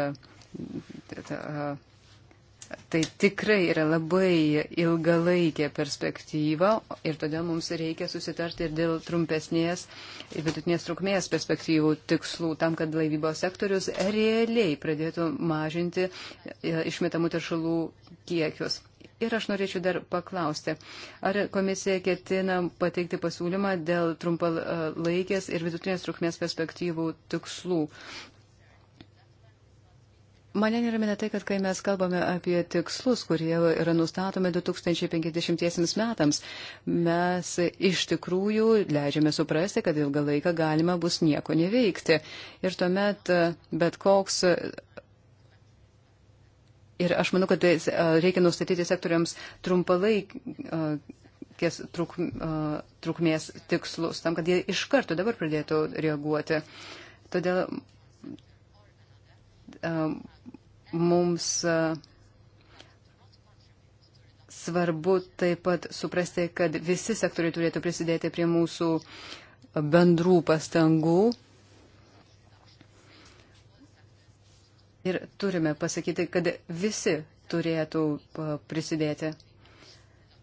ta, ta, Tai tikrai yra labai ilgalaikė perspektyva ir todėl mums reikia susitarti ir dėl trumpesnės ir vidutinės trukmės perspektyvų tikslų, tam, kad laivybos sektorius realiai pradėtų mažinti e, išmetamų teršalų kiekius. Ir aš norėčiau dar paklausti, ar komisija ketina pateikti pasiūlymą dėl trumpalaikės ir vidutinės trukmės perspektyvų tikslų, Mane neramina tai, kad kai mes kalbame apie tikslus, kurie yra nustatomi 2050 metams, mes iš tikrųjų leidžiame suprasti, kad ilgą laiką galima bus nieko neveikti. Ir tuomet e, bet koks. Ir aš manau, kad e, reikia nustatyti sektoriams trumpalaikės e, truk, trukmės tikslus, tam, kad jie iš karto dabar pradėtų reaguoti. Todėl Ehm, mums e, svarbu taip pat suprasti, kad visi sektoriai turėtų prisidėti prie mūsų bendrų pastangų. Ir turime pasakyti, kad visi turėtų e, prisidėti.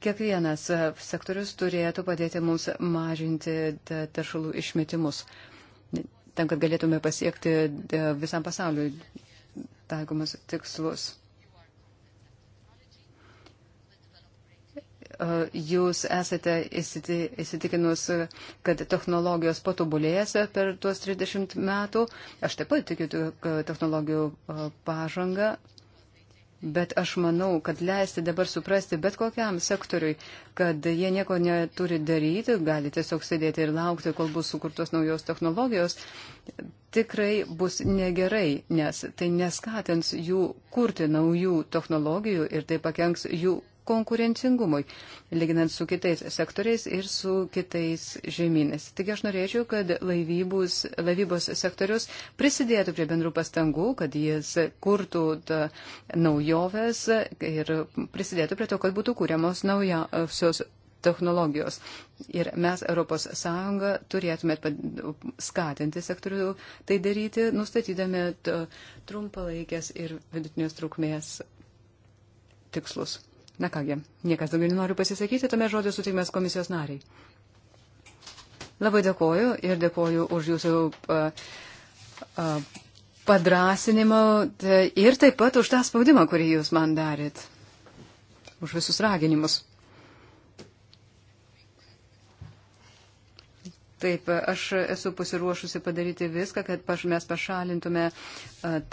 Kiekvienas e, sektorius turėtų padėti mums mažinti taršalų išmetimus tam, kad galėtume pasiekti e, visam pasauliu taikomus tikslus. E, jūs esate įsitikinus, kad technologijos patobulėjęs per tuos 30 metų. Aš taip pat tikiu technologijų e, pažangą, Bet aš manau, kad leisti dabar suprasti bet kokiam sektoriui, kad jie nieko neturi daryti, gali tiesiog sėdėti ir laukti, kol bus sukurtos naujos technologijos, tikrai bus negerai, nes tai neskatins jų kurti naujų technologijų ir tai pakenks jų konkurencingumui, lyginant su kitais sektoriais ir su kitais žemynės. Taigi aš norėčiau, kad laivybos, laivybos sektorius prisidėtų prie bendrų pastangų, kad jis kurtų naujoves ir prisidėtų prie to, kad būtų kūriamos naujausios technologijos. Ir mes ES turėtume skatinti sektorių tai daryti, nustatydami trumpalaikės ir vidutinės trukmės tikslus. Na kągi, niekas daugiau nenori pasisakyti, tame žodį sutikmės komisijos nariai. Labai dėkoju ir dėkoju už jūsų uh, uh, padrasinimą ir taip pat už tą spaudimą, kurį jūs man darėt. Už visus raginimus. Taip, aš esu pasiruošusi padaryti viską, kad paš, mes pašalintume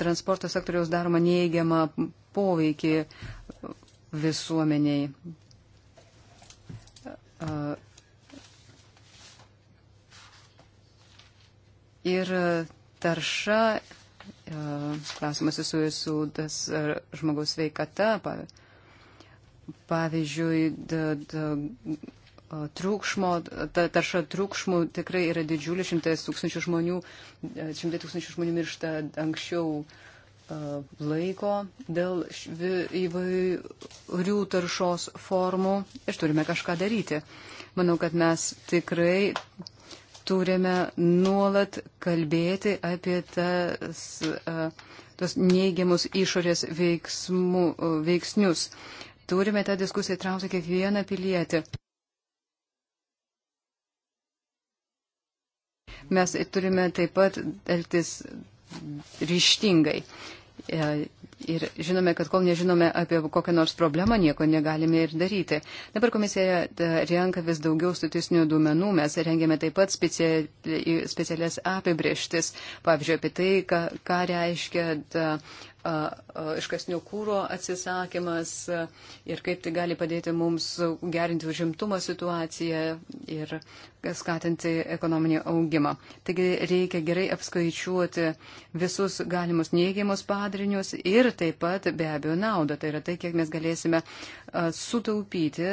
transporto sektoriaus daromą neįgiamą poveikį visuomeniai. Ir tarša, klausimas susijęs su tas e, žmogaus veikata, pavyzdžiui, da, da, triukšmo, ta tarša triukšmų tikrai yra didžiulė, šimtai tūkstančių žmonių, e, šimtai tūkstančių žmonių miršta anksčiau uh, laiko dėl įvairių taršos formų ir turime kažką daryti. Manau, kad mes tikrai turime nuolat kalbėti apie tas, tos neigiamus išorės veiksmų, veiksnius. Turime tą diskusiją įtraukti kiekvieną pilietį. Mes turime taip pat elgtis ryštingai. E, ir žinome, kad kol nežinome apie kokią nors problemą, nieko negalime ir daryti. Dabar komisija e, renka vis daugiau statistinių duomenų, mes rengiame taip pat specialias apibrieštis, pavyzdžiui, apie tai, ką, ką reiškia iškasnio kūro atsisakymas ir kaip tai gali padėti mums gerinti užimtumo situaciją ir skatinti ekonominį augimą. Taigi reikia gerai apskaičiuoti visus galimus neigiamus padarinius ir taip pat be abejo naudą. Tai yra tai, kiek mes galėsime sutaupyti,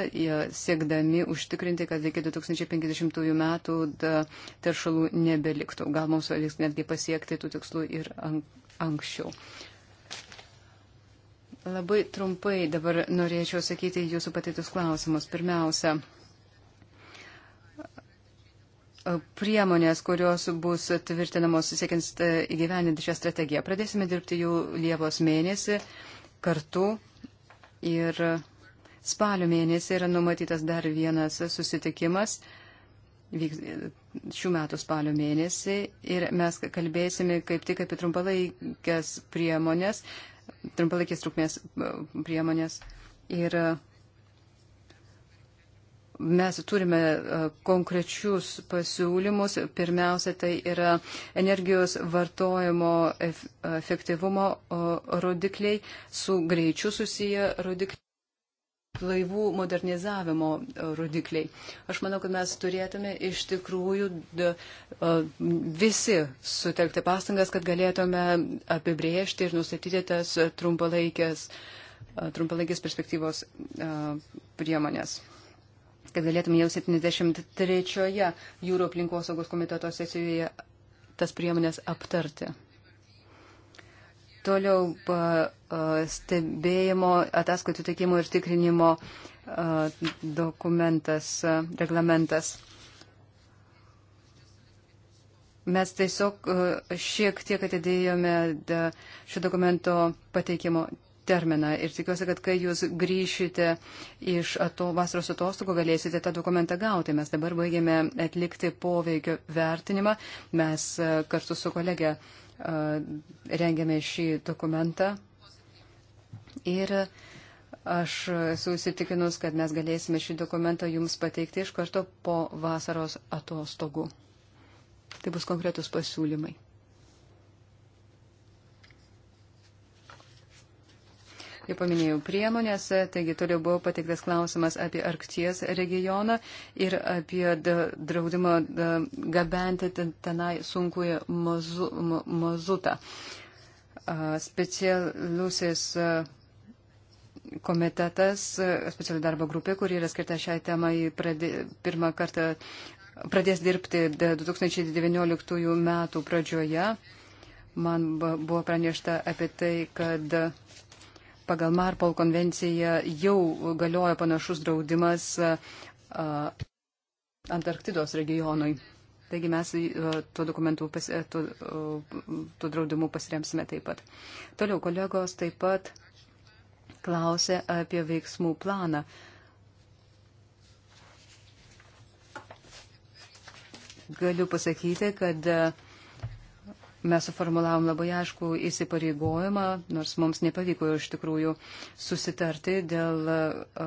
siekdami užtikrinti, kad iki 2050 metų teršalų nebeliktų. Gal mums pavyks netgi pasiekti tų tikslų ir anksčiau. Labai trumpai dabar norėčiau sakyti jūsų patytus klausimus. Pirmiausia, priemonės, kurios bus tvirtinamos siekiant e, įgyveninti šią strategiją. Pradėsime dirbti jų Liepos mėnesį kartu ir spalio mėnesį yra numatytas dar vienas susitikimas šių metų spalio mėnesį ir mes kalbėsime kaip tik apie trumpalaikės priemonės, trumpalaikės trukmės priemonės. Ir e, mes turime e, konkrečius pasiūlymus. Pirmiausia, tai yra energijos vartojimo efektyvumo rodikliai su greičiu susiję rodikliai laivų modernizavimo e, rodikliai. Aš manau, kad mes turėtume iš tikrųjų e, visi sutelkti pastangas, kad galėtume apibriežti ir nustatyti tas trumpalaikės, e, trumpalaikės perspektyvos priemonės kad galėtume jau 73-oje jūro aplinkosaugos komiteto sesijoje tas priemonės aptarti. Toliau pa, stebėjimo ataskaitų teikimo ir tikrinimo dokumentas, reglamentas. Mes tiesiog šiek tiek atidėjome šio dokumento pateikimo terminą ir tikiuosi, kad kai jūs grįšite iš ato, vasaros atostogų, galėsite tą dokumentą gauti. Mes dabar baigėme atlikti poveikio vertinimą. Mes kartu su kolegė rengėme šį dokumentą Ir aš susitikinus, kad mes galėsime šį dokumentą jums pateikti iš karto po vasaros atostogų. Tai bus konkretus pasiūlymai. Kaip paminėjau, priemonės, taigi toliau buvo pateiktas klausimas apie Arkties regioną ir apie draudimą gabenti tenai sunkųjį mazu, mazutą. Specialusis komitetas, speciali darbo grupė, kuri yra skirta šiai temai, pradė, pirmą kartą pradės dirbti 2019 metų pradžioje. Man buvo pranešta apie tai, kad pagal Marpol konvenciją jau galioja panašus draudimas Antarktidos regionui. Taigi mes tuo dokumentu, tuo, tuo draudimu pasiremsime taip pat. Toliau kolegos taip pat klausė apie veiksmų planą. Galiu pasakyti, kad e, mes suformulavom labai aišku įsipareigojimą, nors mums nepavyko iš tikrųjų susitarti dėl e, e,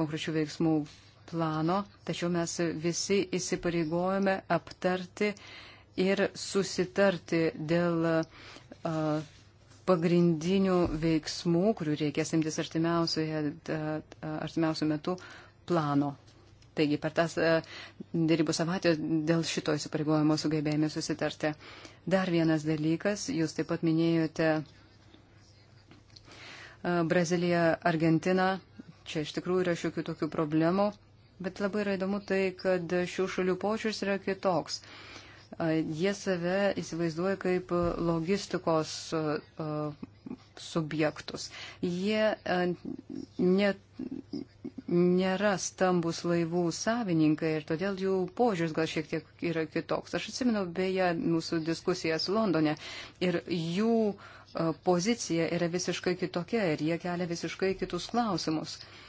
konkrečių veiksmų plano, tačiau mes visi įsipareigojame aptarti ir susitarti dėl uh, pagrindinių veiksmų, kurių reikės imtis artimiausių metų plano. Taigi per tas dėrybų savaitės dėl šito įsipareigojimo sugebėjome susitarti. Dar vienas dalykas, jūs taip pat minėjote Braziliją, Argentiną. Čia iš tikrųjų yra šiokių tokių problemų, bet labai yra įdomu tai, kad šių šalių požiūris yra kitoks. Uh, jie save įsivaizduoja kaip logistikos subjektus. Jie ne, nėra stambus laivų savininkai ir todėl jų požiūris gal šiek tiek yra kitoks. Aš atsimenu beje mūsų diskusijas Londone ir jų pozicija yra visiškai kitokia ir jie kelia visiškai kitus klausimus. Uh,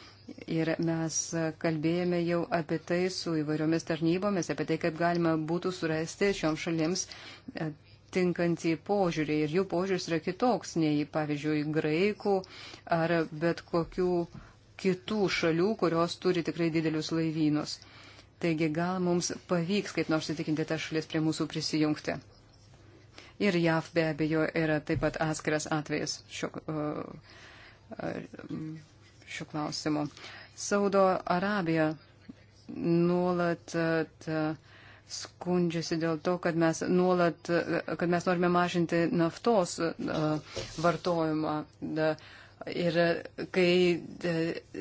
Ir mes kalbėjome jau apie tai su įvairiomis tarnybomis, apie tai, kaip galima būtų surasti šioms šalims e, tinkantį požiūrį. Ir jų požiūris yra kitoks nei, pavyzdžiui, graikų ar bet kokių kitų šalių, kurios turi tikrai didelius laivynus. Taigi gal mums pavyks kaip nors įtikinti tas šalis prie mūsų prisijungti. Ir JAV be abejo yra taip pat atskiras atvejas šio, uh, uh, šiuo klausimu. Saudo Arabija nuolat e, skundžiasi dėl to, kad mes, nuolat, e, kad mes norime mažinti naftos e, vartojimą. Ir kai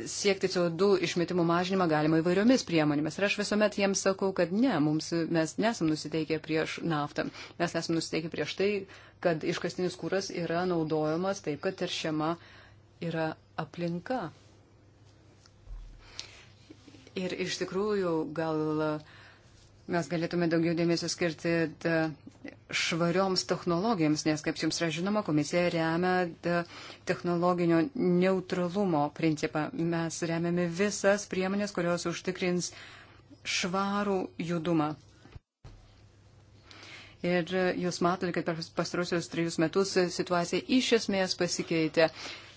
siekti CO2 išmetimo mažinimą galima įvairiomis priemonėmis. Ir aš visuomet jiems sakau, kad ne, mums, mes nesam nusiteikę prieš naftą. Mes esam nusiteikę prieš tai, kad iškastinis kūras yra naudojamas taip, kad teršiama yra aplinka. Ir iš tikrųjų gal uh, mes galėtume daugiau dėmesio skirti švarioms technologijoms, nes, kaip jums yra žinoma, komisija remia technologinio neutralumo principą. Mes remiame visas priemonės, kurios užtikrins švarų judumą. Ir uh, jūs matote, kad per pastarusius trejus metus situacija iš esmės pasikeitė.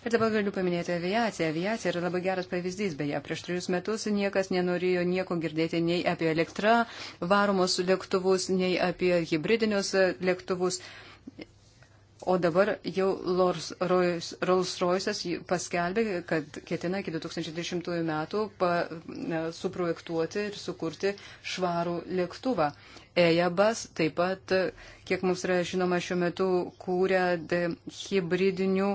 Ir dabar galiu paminėti aviaciją. Aviacija yra labai geras pavyzdys, beje. Prieš trejus metus niekas nenorėjo nieko girdėti nei apie elektrą varomus lėktuvus, nei apie hybridinius lėktuvus. O dabar jau Rolls-Royce'as paskelbė, kad ketina iki 2010 metų pa, na, suprojektuoti ir sukurti švarų lėktuvą. Ejabas taip pat, kiek mums yra žinoma, šiuo metu kūrė hybridinių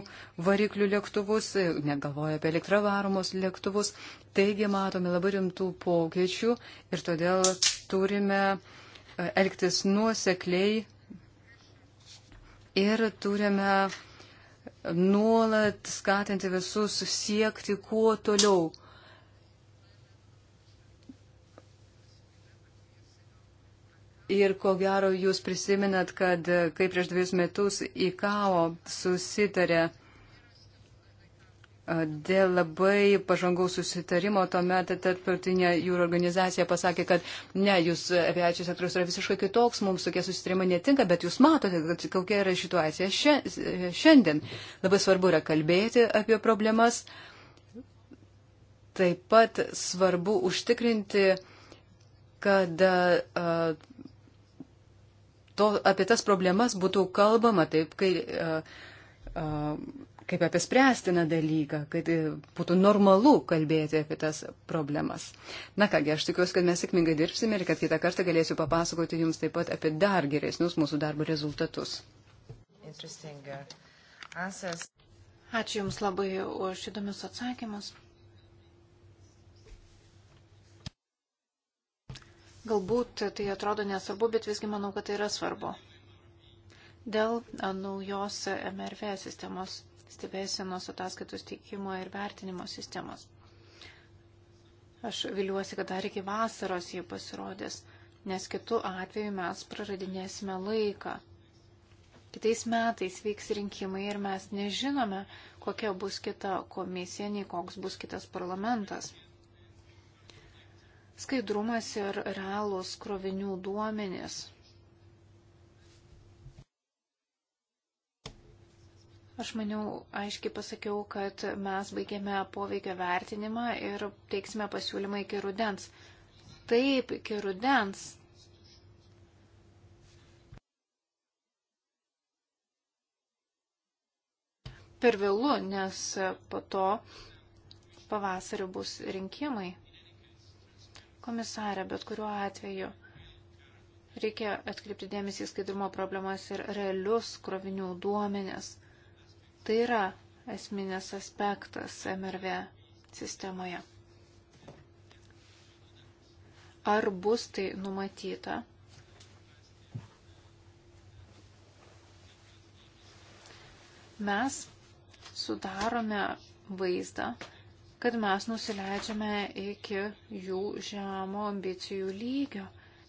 variklių lėktuvus, negalvoja apie elektravaromus lėktuvus. Taigi matome labai rimtų pokyčių ir todėl turime e, elgtis nuosekliai ir turime nuolat skatinti visus siekti kuo toliau Ir ko gero jūs prisiminat, kad e, kai prieš dviejus metus IKAO susitarė e, dėl labai pažangaus susitarimo, tuomet tarptautinė jūrų organizacija pasakė, kad ne, jūs aviacijos sektorius yra visiškai kitoks, mums tokie susitarimai netinka, bet jūs matote, kokia yra situacija e, šiandien. Labai svarbu yra kalbėti apie problemas. Taip pat svarbu užtikrinti, kad uh, to, apie tas problemas būtų kalbama taip, kai, a, a, kaip apie spręstiną dalyką, kad e, būtų normalu kalbėti apie tas problemas. Na kągi, aš tikiuosi, kad mes sėkmingai dirbsime ir kad kitą kartą galėsiu papasakoti jums taip pat apie dar geresnius mūsų darbo rezultatus. Uh, Ačiū Jums labai už įdomius atsakymus. Galbūt tai atrodo nesvarbu, bet visgi manau, kad tai yra svarbu. Dėl naujos MRV sistemos, stebėsienos ataskaitos teikimo ir vertinimo sistemos. Aš viliuosi, kad dar iki vasaros jie pasirodės, nes kitu atveju mes praradinėsime laiką. Kitais metais vyks rinkimai ir mes nežinome, kokia bus kita komisija, nei koks bus kitas parlamentas skaidrumas ir realūs krovinių duomenys. Aš maniau, aiškiai pasakiau, kad mes baigėme poveikio vertinimą ir teiksime pasiūlymą iki rudens. Taip, iki rudens. Per vėlų, nes po to pavasariu bus rinkimai komisarė, bet kuriuo atveju reikia atkreipti dėmesį į skaidrumo problemas ir realius krovinių duomenis. Tai yra esminės aspektas MRV sistemoje. Ar bus tai numatyta? Mes sudarome vaizdą, kad mes nusileidžiame iki jų žemo ambicijų lygio.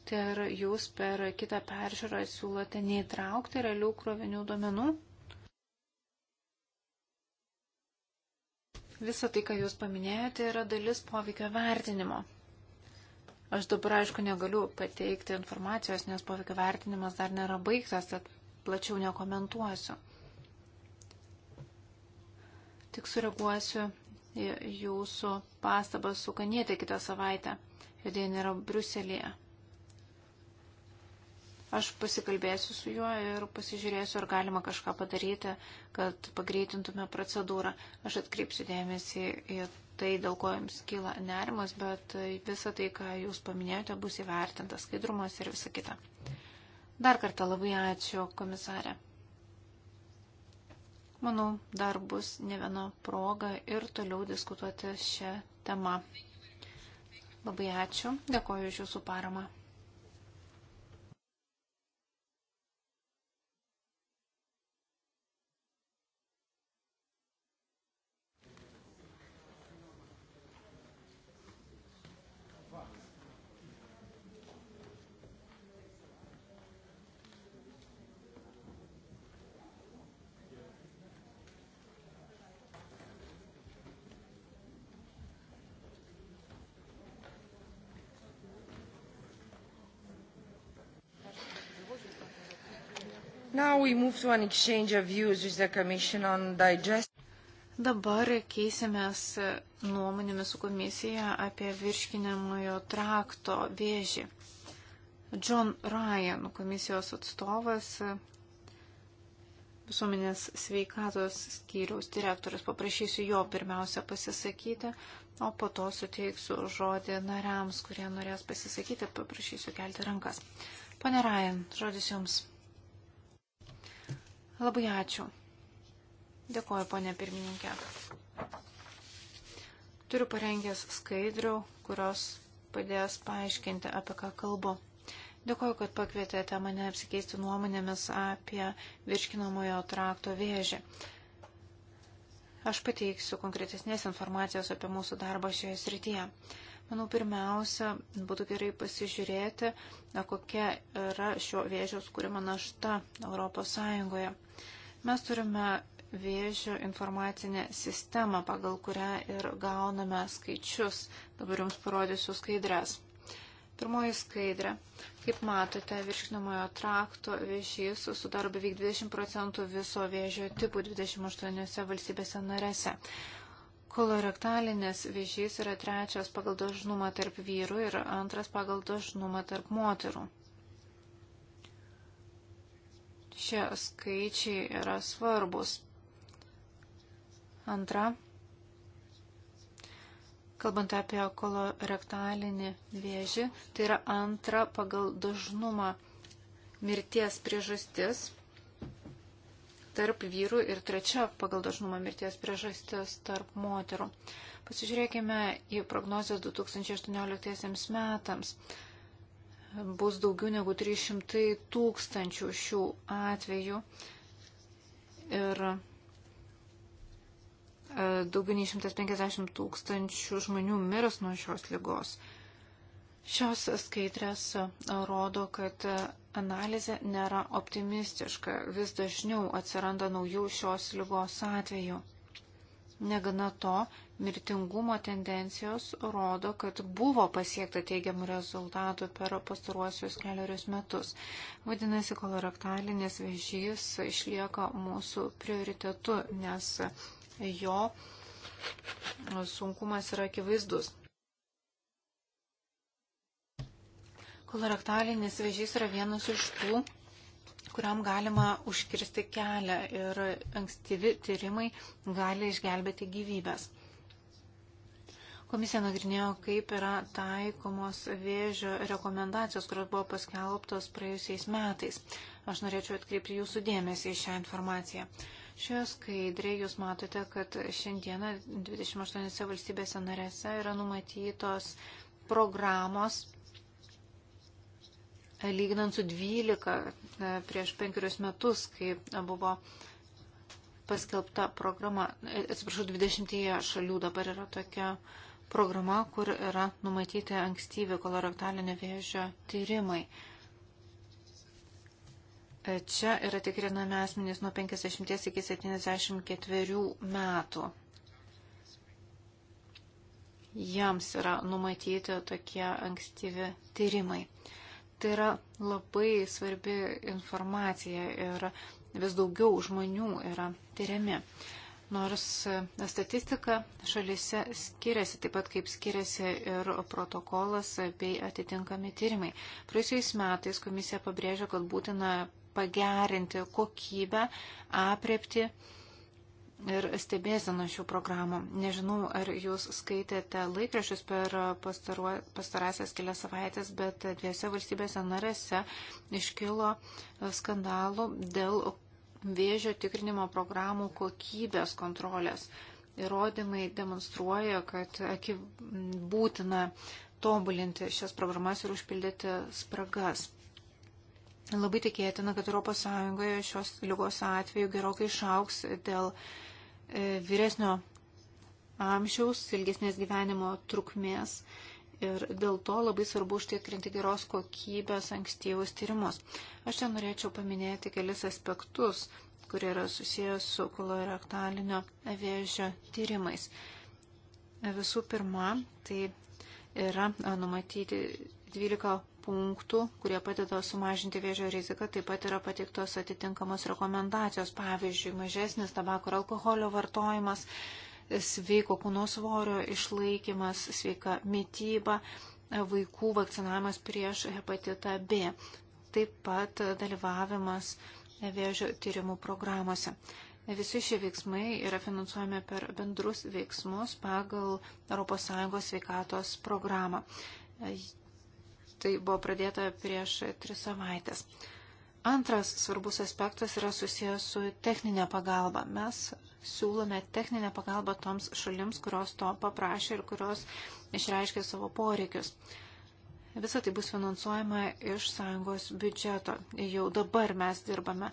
Tai ar jūs per kitą peržiūrą siūlote neįtraukti realių krovinių duomenų? Visa tai, ką jūs paminėjote, yra dalis poveikio vertinimo. Aš dabar, aišku, negaliu pateikti informacijos, nes poveikio vertinimas dar nėra baigtas, tad plačiau nekomentuosiu. Tik sureaguosiu jūsų pastabas su Kanietė kitą savaitę. Jodien yra Bruselėje. Aš pasikalbėsiu su juo ir pasižiūrėsiu, ar galima kažką padaryti, kad pagreitintume procedūrą. Aš atkreipsiu dėmesį į tai, dėl ko jums kyla nerimas, bet visa tai, ką jūs paminėjote, bus įvertinta, skaidrumas ir visa kita. Dar kartą labai ačiū, komisarė. Manau, dar bus ne viena proga ir toliau diskutuoti šią temą. Labai ačiū, dėkoju už Jūsų paramą. we move to an exchange of views with the Commission on digest. Dabar keisimės nuomonėmis su komisija apie virškinamojo trakto vėžį. John Ryan, komisijos atstovas, visuomenės sveikatos skyriaus direktorius, paprašysiu jo pirmiausia pasisakyti, o po to suteiksiu žodį nariams, kurie norės pasisakyti, paprašysiu kelti rankas. Pane Ryan, žodis jums. Labai ačiū. Dėkuoju, ponė pirmininkė. Turiu parengęs skaidrių, kurios padės paaiškinti, apie ką kalbu. Dėkuoju, kad pakvietėte mane apsikeisti nuomonėmis apie virškinamojo trakto vėžį. Aš pateiksiu konkretesnės informacijos apie mūsų darbą šioje srityje. Manau, pirmiausia, būtų gerai pasižiūrėti, na, kokia yra šio vėžio skūrimo našta ES. Mes turime vėžio informacinę sistemą, pagal kurią ir gauname skaičius. Dabar jums parodysiu skaidrės. Pirmoji skaidrė. Kaip matote, virškinamojo trakto vėžys sudaro beveik 20 procentų viso vėžio tipų 28 valstybėse narėse. Kolorektalinės vėžys yra trečias pagal dažnumą tarp vyrų ir antras pagal dažnumą tarp moterų. Šie skaičiai yra svarbus. Antra, kalbant apie kolorektalinį vėžį, tai yra antra pagal dažnumą mirties priežastis tarp vyrų ir trečia pagal dažnumą mirties priežastis tarp moterų. Pasižiūrėkime į prognozijas 2018 metams. Bus daugiau negu 300 tūkstančių šių atvejų ir e, daugiau nei 150 tūkstančių žmonių miras nuo šios lygos. Šios skaidrės e, rodo, kad e, analizė nėra optimistiška, vis dažniau atsiranda naujų šios lygos atvejų. Negana to, mirtingumo tendencijos rodo, kad buvo pasiekta teigiamų rezultatų per pastaruosius keliarius metus. Vadinasi, kolorektalinis vėžys išlieka mūsų prioritetu, nes jo sunkumas yra akivaizdus. Kolorektalinis vėžys yra vienas iš tų, kuriam galima užkirsti kelią ir ankstyvi tyrimai gali išgelbėti gyvybės. Komisija nagrinėjo, kaip yra taikomos vėžio rekomendacijos, kurios buvo paskelbtos praėjusiais metais. Aš norėčiau atkreipti jūsų dėmesį į šią informaciją. Šioje skaidrėje jūs matote, kad šiandieną 28 valstybėse narėse yra numatytos programos lyginant su 12 e, prieš penkerius metus, kai buvo paskelbta programa, e, atsiprašau, 20 šalių dabar yra tokia programa, kur yra numatyti ankstyvi kolorektalinio vėžio tyrimai. E, čia yra tikrinami asmenys nuo 50 iki 74 metų. Jiems yra numatyti tokie ankstyvi tyrimai. Tai yra labai svarbi informacija ir vis daugiau žmonių yra tyriami. Nors e, statistika šalise skiriasi, taip pat kaip skiriasi ir protokolas bei atitinkami tyrimai. Praėjusiais metais komisija pabrėžė, kad būtina pagerinti kokybę, apriepti ir stebėsena šių programų. Nežinau, ar jūs skaitėte laikrašius per pastaruo, pastarąsias kelias savaitės, bet dviejose valstybėse narėse iškilo skandalų dėl vėžio tikrinimo programų kokybės kontrolės. Įrodymai demonstruoja, kad akiv... būtina tobulinti šias programas ir užpildyti spragas. Labai tikėtina, kad ES šios lygos atveju gerokai išauks dėl E, vyresnio amžiaus, ilgesnės gyvenimo trukmės ir dėl to labai svarbu užtikrinti geros kokybės ankstyvus tyrimus. Aš čia norėčiau paminėti kelis aspektus, kurie yra susijęs su kolorektalinio vėžio tyrimais. Visų pirma, tai yra numatyti 12 punktų, kurie padeda sumažinti vėžio riziką, taip pat yra patiktos atitinkamos rekomendacijos, pavyzdžiui, mažesnis tabako ir alkoholio vartojimas, sveiko kūno svorio išlaikymas, sveika mytyba, vaikų vakcinavimas prieš hepatitą B, taip pat dalyvavimas vėžio tyrimų programuose. Visi šie veiksmai yra finansuojami per bendrus veiksmus pagal ES sveikatos programą Tai buvo pradėta prieš tris savaitės. Antras svarbus aspektas yra susijęs su techninė pagalba. Mes siūlome techninę pagalbą toms šalims, kurios to paprašė ir kurios išreiškė savo poreikius. Visą tai bus finansuojama iš sąjungos biudžeto. Jau dabar mes dirbame,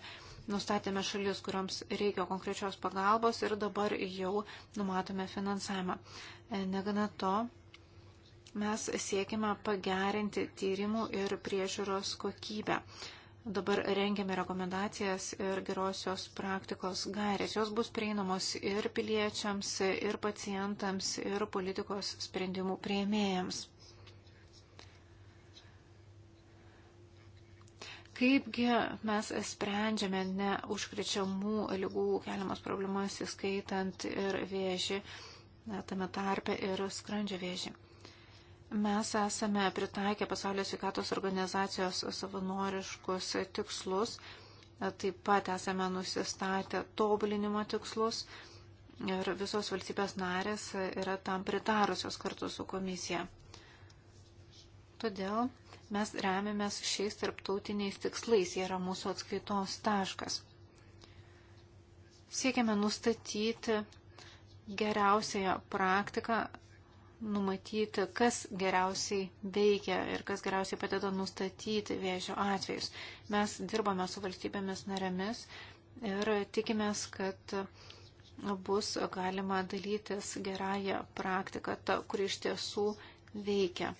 nustatėme šalis, kuriams reikia konkrečios pagalbos ir dabar jau numatome finansavimą. Negana to, Mes siekime pagerinti tyrimų ir priežiūros kokybę. Dabar rengiame rekomendacijas ir gerosios praktikos gairės. Jos bus prieinamos ir piliečiams, ir pacientams, ir politikos sprendimų prieimėjams. kaipgi mes sprendžiame neužkrečiamų lygų keliamas problemas, įskaitant ir vėžį, tame tarpe ir skrandžio vėžį. Mes esame pritaikę pasaulio sveikatos organizacijos savanoriškus tikslus, taip pat esame nusistatę tobulinimo tikslus ir visos valstybės narės yra tam pritarusios kartu su komisija. Todėl mes remiamės šiais tarptautiniais tikslais, jie yra mūsų atskaitos taškas. Siekiame nustatyti geriausiąją praktiką numatyti, kas geriausiai veikia ir kas geriausiai padeda nustatyti vėžio atvejus. Mes dirbame su valstybėmis narėmis ir tikimės, kad bus galima dalytis gerąją praktiką, ta, kuri iš tiesų veikia.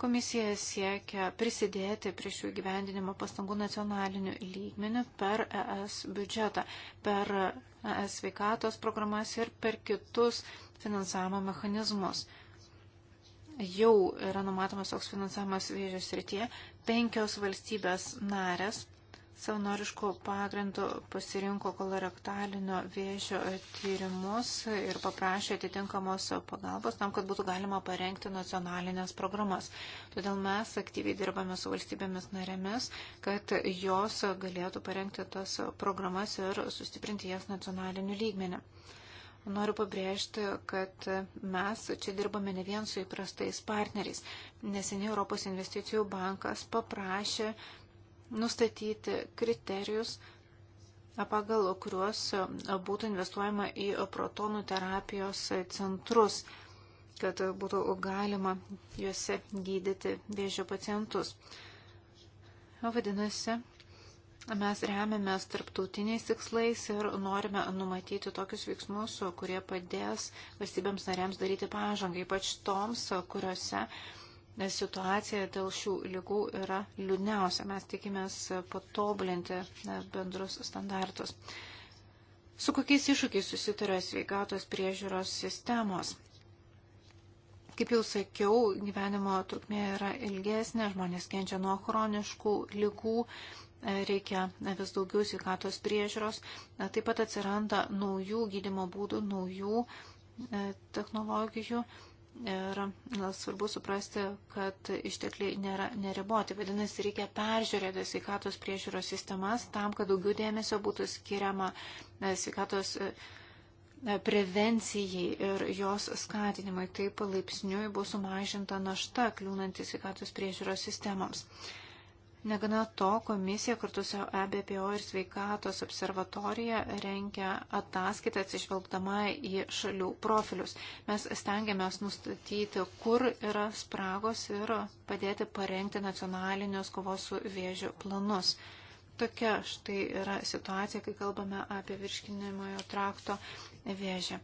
Komisija siekia prisidėti prie šių gyvendinimo pastangų nacionaliniu lygmeniu per ES biudžetą, per ES sveikatos programas ir per kitus finansavimo mechanizmus. Jau yra numatomas toks finansavimas vėžio srityje. Penkios valstybės narės savanoriškų pagrindų pasirinko kolorektalinio vėžio tyrimus ir paprašė atitinkamos pagalbos tam, kad būtų galima parengti nacionalinės programas. Todėl mes aktyviai dirbame su valstybėmis narėmis, kad jos galėtų parengti tas programas ir sustiprinti jas nacionaliniu lygmeniu. Noriu pabrėžti, kad mes čia dirbame ne vien su įprastais partneriais. Neseniai Europos investicijų bankas paprašė nustatyti kriterijus, pagal kuriuos būtų investuojama į protonų terapijos centrus, kad būtų galima juose gydyti vėžio pacientus. Vadinasi, Mes remiamės tarptautiniais tikslais ir norime numatyti tokius veiksmus, kurie padės valstybėms narėms daryti pažangą, ypač toms, kuriuose situacija dėl šių lygų yra liūdniausia. Mes tikimės patobulinti bendrus standartus. Su kokiais iššūkiais susituria sveikatos priežiūros sistemos? Kaip jau sakiau, gyvenimo trukmė yra ilgesnė, žmonės kenčia nuo chroniškų lygų, reikia vis daugiau sveikatos priežiūros, taip pat atsiranda naujų gydimo būdų, naujų e, technologijų ir svarbu suprasti, kad ištekliai nėra neriboti. Vadinasi, reikia peržiūrėti sveikatos priežiūros sistemas tam, kad daugiau dėmesio būtų skiriama e, sveikatos e, prevencijai ir jos skatinimui. Taip palaipsniui bus sumažinta našta kliūnanti sveikatos priežiūros sistemoms. Negana to, komisija kartu su EBPO ir sveikatos observatorija rengia ataskaitą atsižvelgdama į šalių profilius. Mes stengiamės nustatyti, kur yra spragos ir padėti parengti nacionalinius kovos su vėžiu planus. Tokia štai yra situacija, kai kalbame apie virškinimojo trakto vėžį.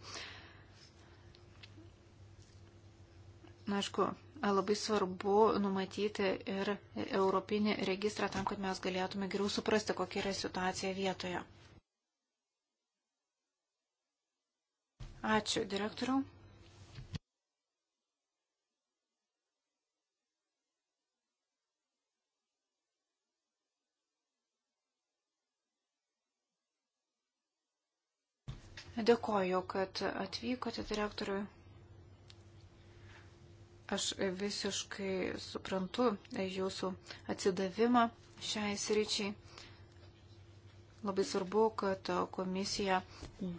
Na, aišku, labai svarbu numatyti ir Europinį registrą tam, kad mes galėtume geriau suprasti, kokia yra situacija vietoje. Ačiū, direktoriau. Dėkoju, kad atvykote direktoriui. Aš visiškai suprantu jūsų atsidavimą šiai sričiai. Labai svarbu, kad komisija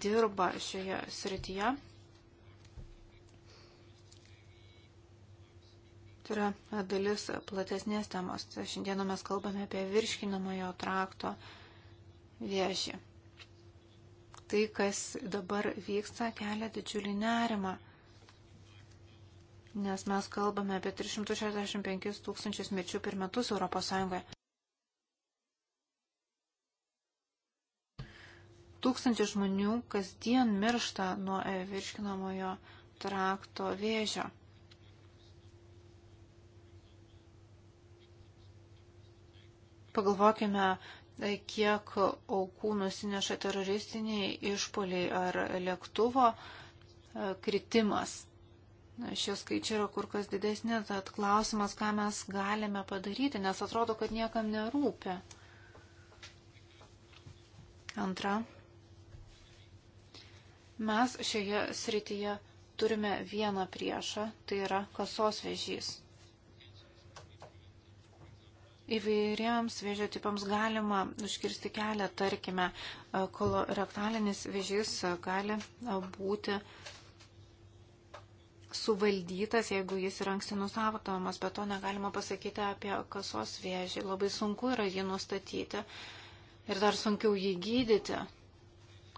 dirba šioje srityje. Tai yra dalis platesnės temos. Tai šiandieną mes kalbame apie virškinamojo trakto viešį. Tai, kas dabar vyksta, kelia didžiulį nerimą nes mes kalbame apie 365 tūkstančius mirčių per metus ES. Tūkstančiai žmonių kasdien miršta nuo virškinamojo trakto vėžio. Pagalvokime, kiek aukų nusineša teroristiniai išpoliai ar lėktuvo e, kritimas Šie skaičiai yra kur kas didesni, tad klausimas, ką mes galime padaryti, nes atrodo, kad niekam nerūpia. Antra. Mes šioje srityje turime vieną priešą, tai yra kasos vėžys. Įvairiems vėžio tipams galima užkirsti kelią, tarkime, kolorektalinis vėžys gali būti suvaldytas, jeigu jis yra anksti nustatomas, bet to negalima pasakyti apie kasos vėžį. Labai sunku yra jį nustatyti ir dar sunkiau jį gydyti.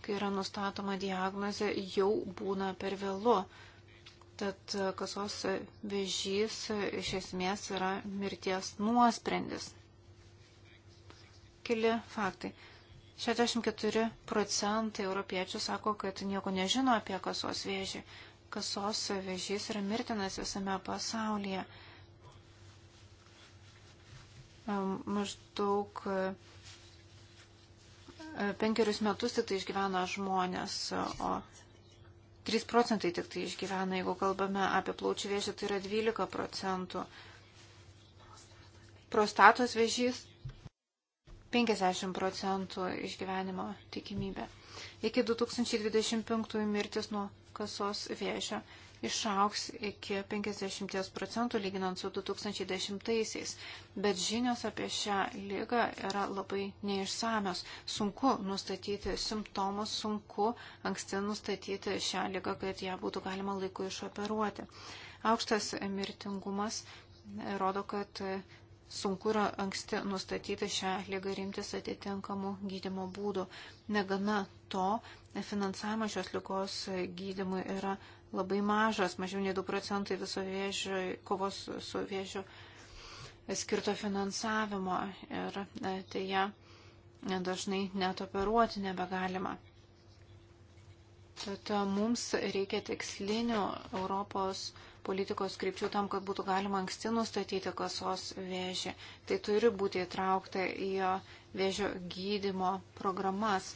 Kai yra nustatoma diagnozė, jau būna per vėlu. Tad kasos vėžys iš esmės yra mirties nuosprendis. Keli faktai. 64 procentai europiečių sako, kad nieko nežino apie kasos vėžį kasos vėžys yra mirtinas visame pasaulyje. E, maždaug e, penkerius metus tik tai išgyvena žmonės, o 3 procentai tik tai išgyvena, jeigu kalbame apie plaučių vėžį, tai yra 12 procentų. Prostatos vėžys 50 procentų išgyvenimo tikimybė. Iki 2025 mirtis nuo kasos vėžio išauks iki 50 procentų lyginant su 2010-aisiais, bet žinios apie šią lygą yra labai neišsamios. Sunku nustatyti simptomus, sunku anksti nustatyti šią lygą, kad ją būtų galima laiku išoperuoti. Aukštas mirtingumas rodo, kad sunku yra anksti nustatyti šią lygą rimtis atitinkamų gydimo būdų. Negana to, finansavimas šios lygos gydimui yra labai mažas, mažiau nei 2 procentai viso vėžio, kovos su vėžiu skirto finansavimo ir tai e, ją dažnai net operuoti nebegalima. Tad mums reikia tikslinių Europos politikos krypčių tam, kad būtų galima anksti nustatyti kasos vėžį. Tai turi būti įtraukta į vėžio gydimo programas,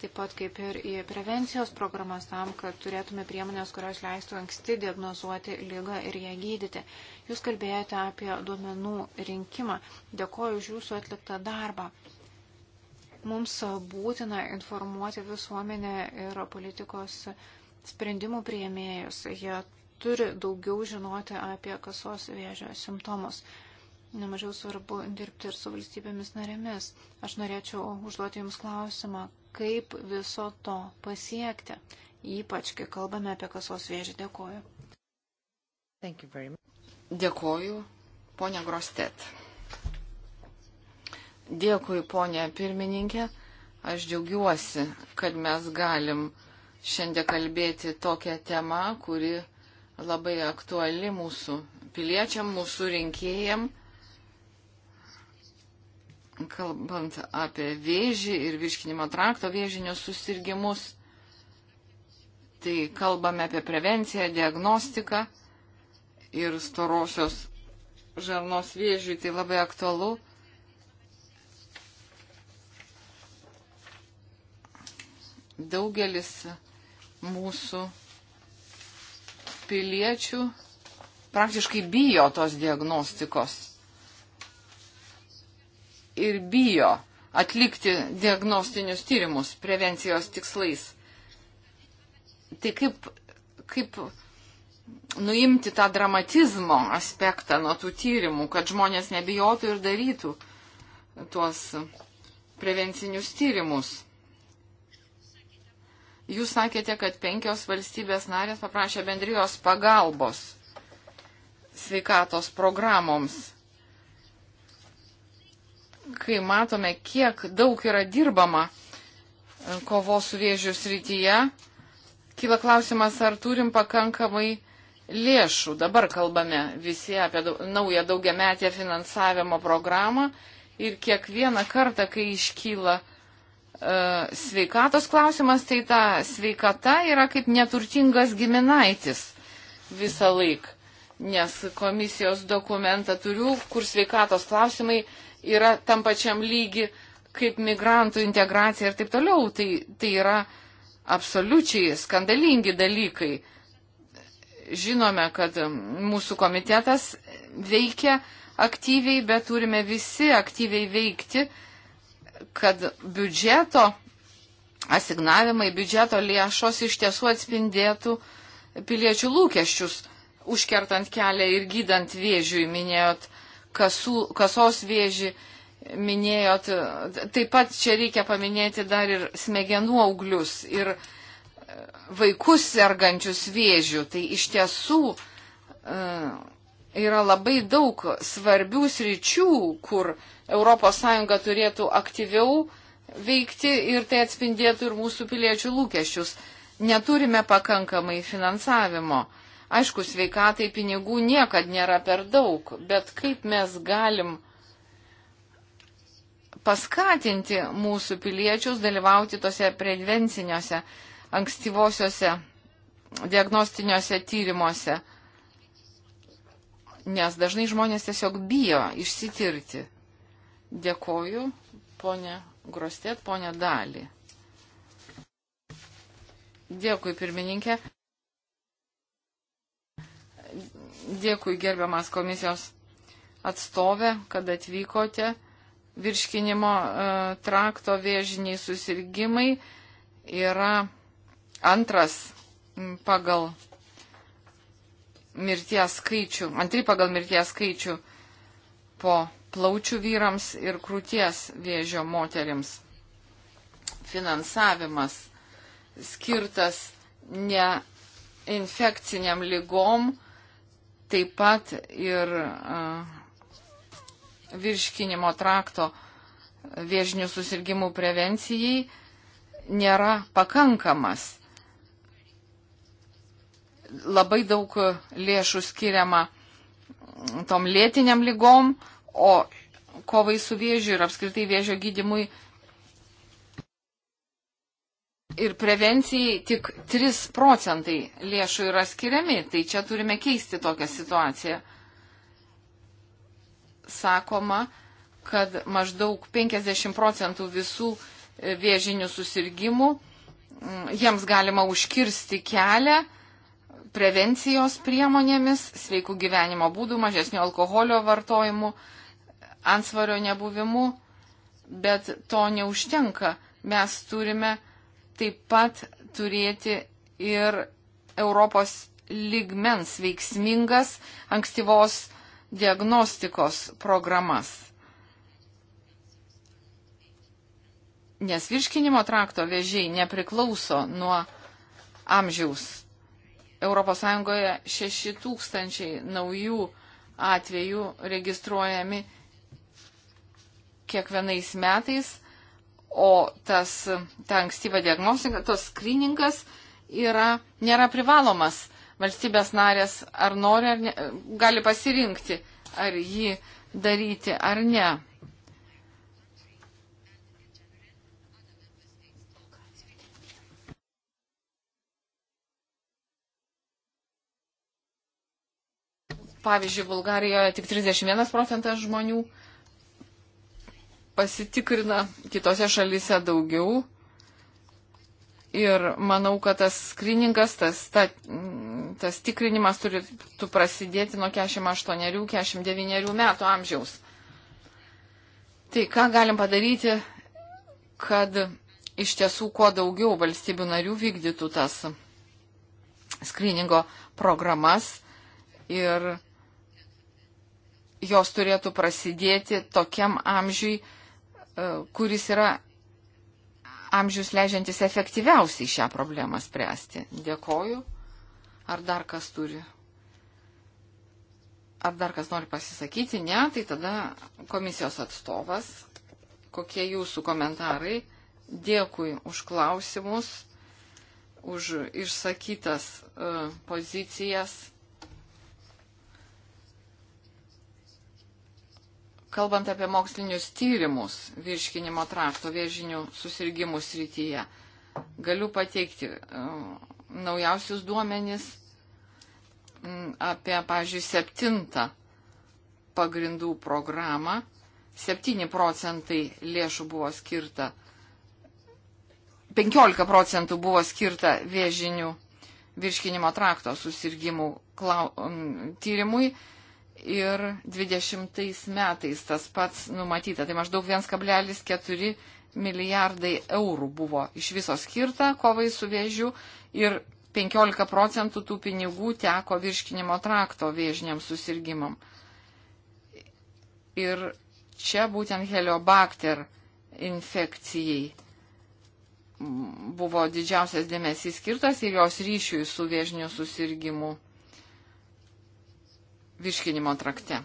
taip pat kaip ir į prevencijos programas tam, kad turėtume priemonės, kurios leistų anksti diagnozuoti lygą ir ją gydyti. Jūs kalbėjote apie duomenų rinkimą. Dėkoju už jūsų atliktą darbą mums būtina informuoti visuomenę ir politikos sprendimų prieimėjus. Jie turi daugiau žinoti apie kasos vėžio simptomus. Nemažiau svarbu dirbti ir su valstybėmis narėmis. Aš norėčiau užduoti Jums klausimą, kaip viso to pasiekti, ypač kai kalbame apie kasos vėžį. Dėkoju. Dėkoju, ponia Grostet. Dėkui, ponia pirmininkė. Aš džiaugiuosi, kad mes galim šiandien kalbėti tokią temą, kuri labai aktuali mūsų piliečiam, mūsų rinkėjam, kalbant apie vėžį ir virškinimo trakto vėžinius susirgymus. Tai kalbame apie prevenciją, diagnostiką ir storosios žarnos vėžiui tai labai aktualu. Daugelis mūsų piliečių praktiškai bijo tos diagnostikos ir bijo atlikti diagnostinius tyrimus prevencijos tikslais. Tai kaip, kaip nuimti tą dramatizmo aspektą nuo tų tyrimų, kad žmonės nebijotų ir darytų tuos prevencinius tyrimus. Jūs sakėte, kad penkios valstybės narės paprašė bendrijos pagalbos sveikatos programoms. Kai matome, kiek daug yra dirbama kovos su vėžiu srityje, kyla klausimas, ar turim pakankamai lėšų. Dabar kalbame visi apie daug, naują daugiametę finansavimo programą ir kiekvieną kartą, kai iškyla E, sveikatos klausimas, tai ta sveikata yra kaip neturtingas giminaitis visą laiką. Nes komisijos dokumentą turiu, kur sveikatos klausimai yra tam pačiam lygi kaip migrantų integracija ir taip toliau. Tai, tai yra absoliučiai skandalingi dalykai. Žinome, kad mūsų komitetas veikia aktyviai, bet turime visi aktyviai veikti, uh, kad biudžeto asignavimai, biudžeto lėšos iš tiesų atspindėtų piliečių lūkesčius, užkertant kelią ir gydant vėžiui, minėjot kasų, kasos vėžį, minėjot, taip pat čia reikia paminėti dar ir smegenų auglius ir e, vaikus sergančius vėžių. Tai iš tiesų uh, yra labai daug svarbių sričių, kur ES turėtų aktyviau veikti ir tai atspindėtų ir mūsų piliečių lūkesčius. Neturime pakankamai finansavimo. Aišku, sveikatai pinigų niekad nėra per daug, bet kaip mes galim paskatinti mūsų piliečius dalyvauti tose prevenciniuose, ankstyvosiuose diagnostiniuose tyrimuose nes dažnai žmonės tiesiog bijo išsitirti. Dėkoju, ponė Grostėt, ponė Dali. Dėkui, pirmininkė. Dėkui, gerbiamas komisijos atstovė, kad atvykote. Virškinimo e, trakto vėžiniai susirgymai yra antras pagal mirties skaičių, antri pagal mirties skaičių po plaučių vyrams ir krūties vėžio moterims. Finansavimas skirtas ne infekciniam lygom, taip pat ir virškinimo trakto vėžinių susirgymų prevencijai nėra pakankamas labai daug lėšų skiriama tom lėtiniam lygom, o kovai su vėžiu ir apskritai vėžio gydimui ir prevencijai tik 3 procentai lėšų yra skiriami. Tai čia turime keisti tokią situaciją. Sakoma, kad maždaug 50 procentų visų vėžinių susirgymų jiems galima užkirsti kelią prevencijos priemonėmis, sveikų gyvenimo būdų, mažesnio alkoholio vartojimu, ansvario nebuvimu, bet to neužtenka. Mes turime taip pat turėti ir Europos lygmens veiksmingas ankstyvos diagnostikos programas. Nes virškinimo trakto vėžiai nepriklauso nuo amžiaus ES 6 tūkstančiai naujų atvejų registruojami kiekvienais metais, o tas, ta ankstyva diagnostika, tos skriningas yra, nėra privalomas. Valstybės narės ar nori, ar ne, gali pasirinkti, ar jį daryti ar ne. Pavyzdžiui, Bulgarijoje tik 31 procentas žmonių pasitikrina, kitose šalyse daugiau. Ir manau, kad tas skriningas, tas, ta, tas tikrinimas turėtų prasidėti nuo 48-49 metų amžiaus. Tai ką galim padaryti, kad iš tiesų kuo daugiau valstybių narių vykdytų tas skriningo programas ir jos turėtų prasidėti tokiam amžiui, e, kuris yra amžius leidžiantis efektyviausiai šią problemą spręsti. Dėkoju. Ar dar kas turi? Ar dar kas nori pasisakyti? Ne, tai tada komisijos atstovas. Kokie jūsų komentarai? Dėkui už klausimus, už išsakytas uh, pozicijas. kalbant apie mokslinius tyrimus virškinimo trakto vėžinių susirgymų srityje, galiu pateikti um, naujausius duomenys mm, apie, pavyzdžiui, septintą pagrindų programą. 7 procentai lėšų buvo skirta, 15 procentų buvo skirta vėžinių virškinimo trakto susirgymų klau, mm, tyrimui ir 20 metais tas pats numatyta. Tai maždaug 1,4 milijardai eurų buvo iš viso skirta kovai su vėžiu ir 15 procentų tų pinigų teko virškinimo trakto vėžiniam susirgymam. Ir čia būtent heliobakter infekcijai buvo didžiausias dėmesys skirtas ir jos ryšiui su vėžiniu susirgymu virškinimo trakte.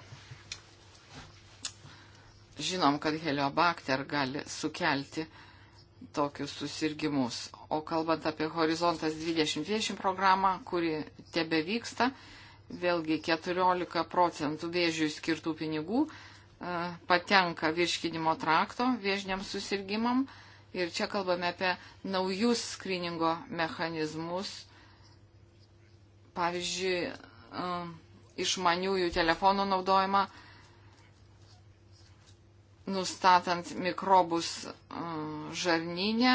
Žinom, kad heliobakter gali sukelti tokius susirgymus. O kalbant apie Horizontas 2020 programą, kuri tebe vyksta, vėlgi 14 procentų vėžių skirtų pinigų e, patenka virškinimo trakto vėžiniam susirgymam. Ir čia kalbame apie naujus skriningo mechanizmus. Pavyzdžiui, e, išmaniųjų telefonų naudojimą, nustatant mikrobus e, žarninė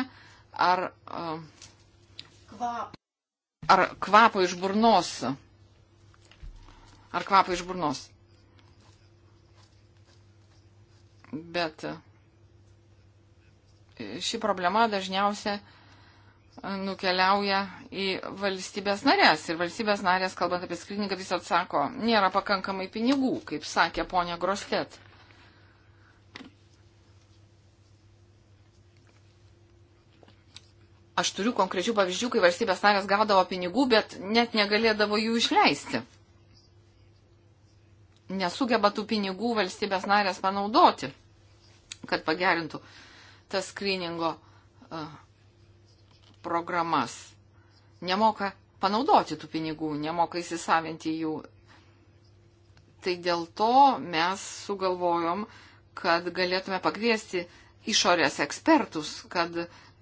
ar, e, ar kvapo iš burnos. Ar kvapo iš burnos. Bet e, ši problema dažniausiai nukeliauja į valstybės narės. Ir valstybės narės, kalbant apie skriningą, vis atsako, nėra pakankamai pinigų, kaip sakė ponia Grostet. Aš turiu konkrečių pavyzdžių, kai valstybės narės gaudavo pinigų, bet net negalėdavo jų išleisti. Nesugeba tų pinigų valstybės narės panaudoti, kad pagerintų tas skriningo uh, programas, nemoka panaudoti tų pinigų, nemoka įsisavinti jų. Tai dėl to mes sugalvojom, kad galėtume pakviesti išorės ekspertus, kad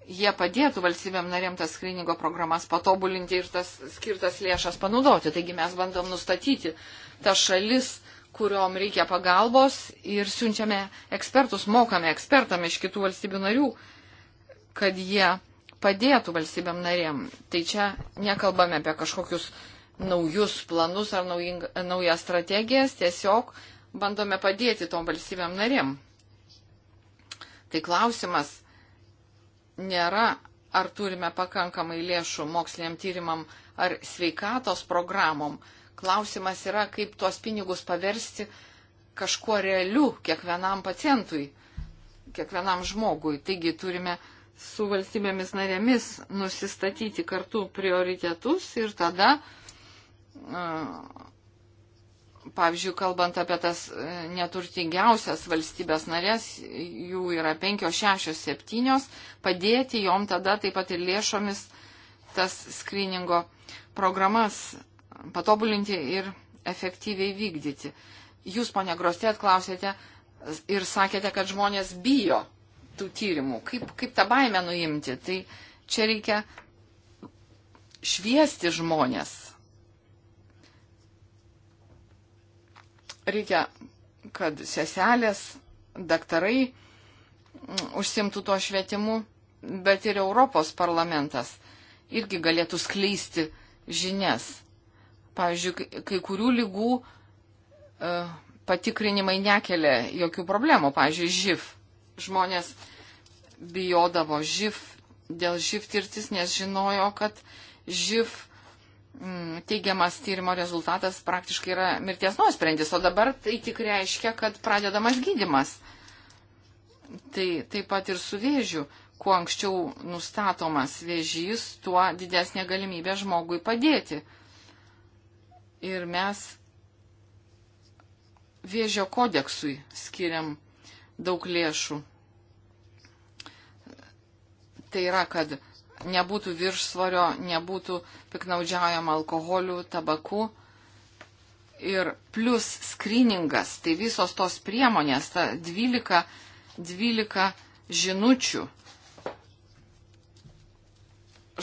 jie padėtų valstybėm narėm tas skriningo programas patobulinti ir tas skirtas lėšas panaudoti. Taigi mes bandom nustatyti tas šalis, kuriuom reikia pagalbos ir siunčiame ekspertus, mokame ekspertam iš kitų valstybių narių, kad jie padėtų valstybėm narėm. Tai čia nekalbame apie kažkokius naujus planus ar naujing, naujas strategijas, tiesiog bandome padėti tom valstybėm narėm. Tai klausimas nėra, ar turime pakankamai lėšų moksliniam tyrimam ar sveikatos programom. Klausimas yra, kaip tuos pinigus paversti kažkuo realiu kiekvienam pacientui, kiekvienam žmogui. Taigi turime uh, su valstybėmis narėmis nusistatyti kartu prioritetus ir tada, pavyzdžiui, kalbant apie tas e, neturtingiausias valstybės narės, jų yra penkios, šešios, septynios, padėti jom tada taip pat ir lėšomis tas skriningo programas patobulinti ir efektyviai vykdyti. Jūs, ponia Grostėt, klausėte ir sakėte, kad žmonės bijo tų tyrimų. Kaip, kaip tą baimę nuimti? Tai čia reikia šviesti žmonės. Reikia, kad seselės, daktarai mm, užsimtų tuo švietimu, bet ir Europos parlamentas irgi galėtų skleisti žinias. Pavyzdžiui, kai kurių lygų e, patikrinimai nekelia jokių problemų, pavyzdžiui, živ žmonės bijodavo živ, dėl živ tirtis, nes žinojo, kad živ mm, teigiamas tyrimo rezultatas praktiškai yra mirties nuosprendis, o dabar tai tik reiškia, kad pradedamas gydimas. Tai taip pat ir su vėžiu. Kuo anksčiau nustatomas vėžys, tuo didesnė galimybė žmogui padėti. Ir mes vėžio kodeksui skiriam daug lėšų. Tai yra, kad nebūtų viršsvario, nebūtų piknaudžiaujama alkoholiu, tabaku. Ir plus skriningas, tai visos tos priemonės, ta 12, 12 žinučių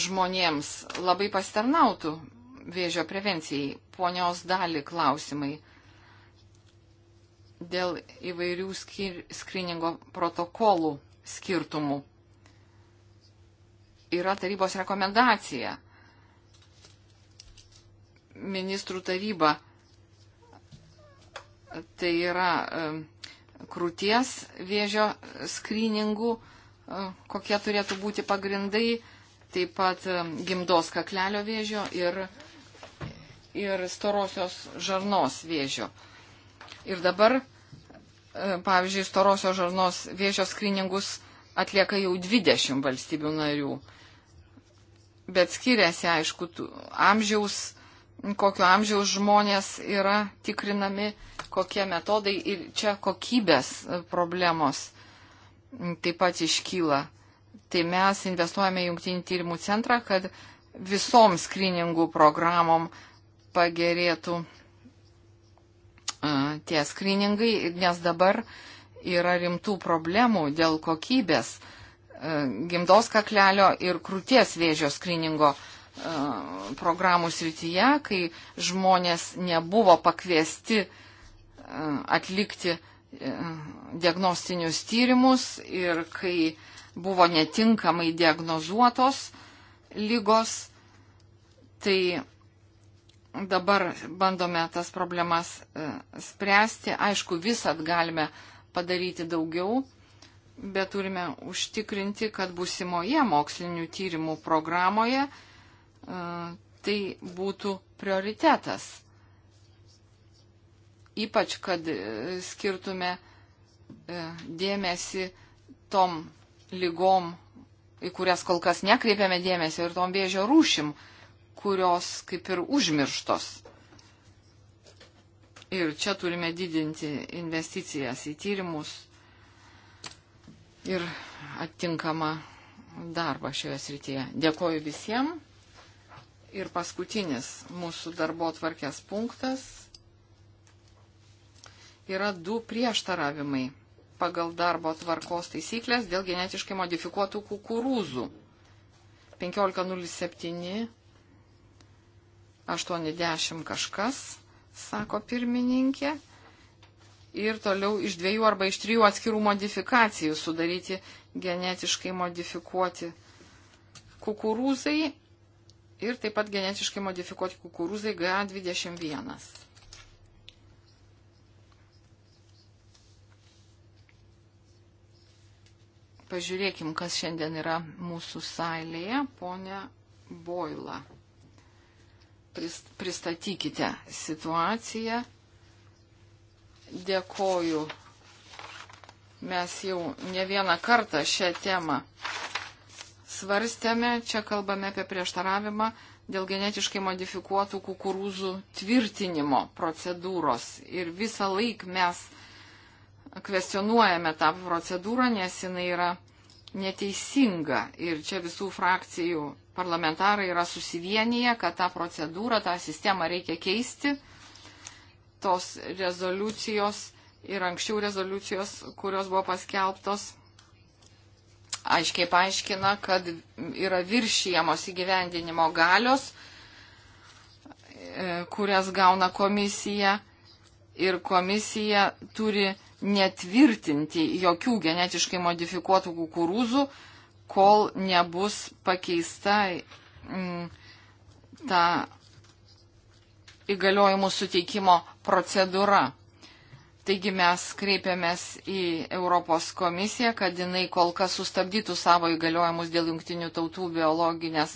žmonėms labai pasternautų vėžio prevencijai. Ponios dalį klausimai dėl įvairių skir, skriningo protokolų skirtumų. Yra tarybos rekomendacija. Ministrų taryba tai yra e, krūties vėžio skriningų, e, kokie turėtų būti pagrindai, taip pat e, gimdos kaklelio vėžio ir, ir storosios žarnos vėžio. Uh, Ir dabar, e, pavyzdžiui, storosios žarnos vėžio skriningus atlieka jau 20 valstybių narių. Bet skiriasi, aišku, amžiaus, kokio amžiaus žmonės yra tikrinami, kokie metodai ir čia kokybės e, problemos taip pat iškyla. Tai mes investuojame jungtinį tyrimų centrą, kad visom skriningų programom pagerėtų tie skriningai, nes dabar yra rimtų problemų dėl kokybės e, gimdos kaklelio ir krūties vėžio skriningo e, programų srityje, kai žmonės nebuvo pakviesti e, atlikti diagnostinius tyrimus ir kai buvo netinkamai diagnozuotos lygos, tai dabar bandome tas problemas e, spręsti. Aišku, visat galime padaryti daugiau, bet turime užtikrinti, kad busimoje mokslinių tyrimų programoje e, tai būtų prioritetas. Ypač, kad e, skirtume dėmesį tom lygom, į kurias kol kas nekreipiame dėmesio ir tom vėžio rūšim, kurios kaip ir užmirštos. Ir čia turime didinti investicijas į tyrimus ir atitinkamą darbą šioje srityje. Dėkoju visiems. Ir paskutinis mūsų darbo tvarkės punktas yra du prieštaravimai pagal darbo tvarkos taisyklės dėl genetiškai modifikuotų kukurūzų. 1507 80 kažkas, sako pirmininkė. Ir toliau iš dviejų arba iš trijų atskirų modifikacijų sudaryti genetiškai modifikuoti kukurūzai ir taip pat genetiškai modifikuoti kukurūzai GA21. Pažiūrėkim, kas šiandien yra mūsų salėje, ponia Boila pristatykite situaciją. Dėkoju. Mes jau ne vieną kartą šią temą svarstėme. Čia kalbame apie prieštaravimą dėl genetiškai modifikuotų kukurūzų tvirtinimo procedūros. Ir visą laiką mes kvestionuojame tą procedūrą, nes jinai yra neteisinga. Ir čia visų frakcijų parlamentarai yra susivienyje, kad tą procedūrą, tą sistemą reikia keisti. Tos rezoliucijos ir anksčiau rezoliucijos, kurios buvo paskelbtos, aiškiai paaiškina, kad yra viršijamos įgyvendinimo galios, e, kurias gauna komisija ir komisija turi netvirtinti jokių genetiškai modifikuotų kukurūzų, kol nebus pakeista m, mm, ta įgaliojimų suteikimo procedūra. Taigi mes kreipiamės į Europos komisiją, kad jinai kol kas sustabdytų savo įgaliojimus dėl jungtinių tautų biologinės,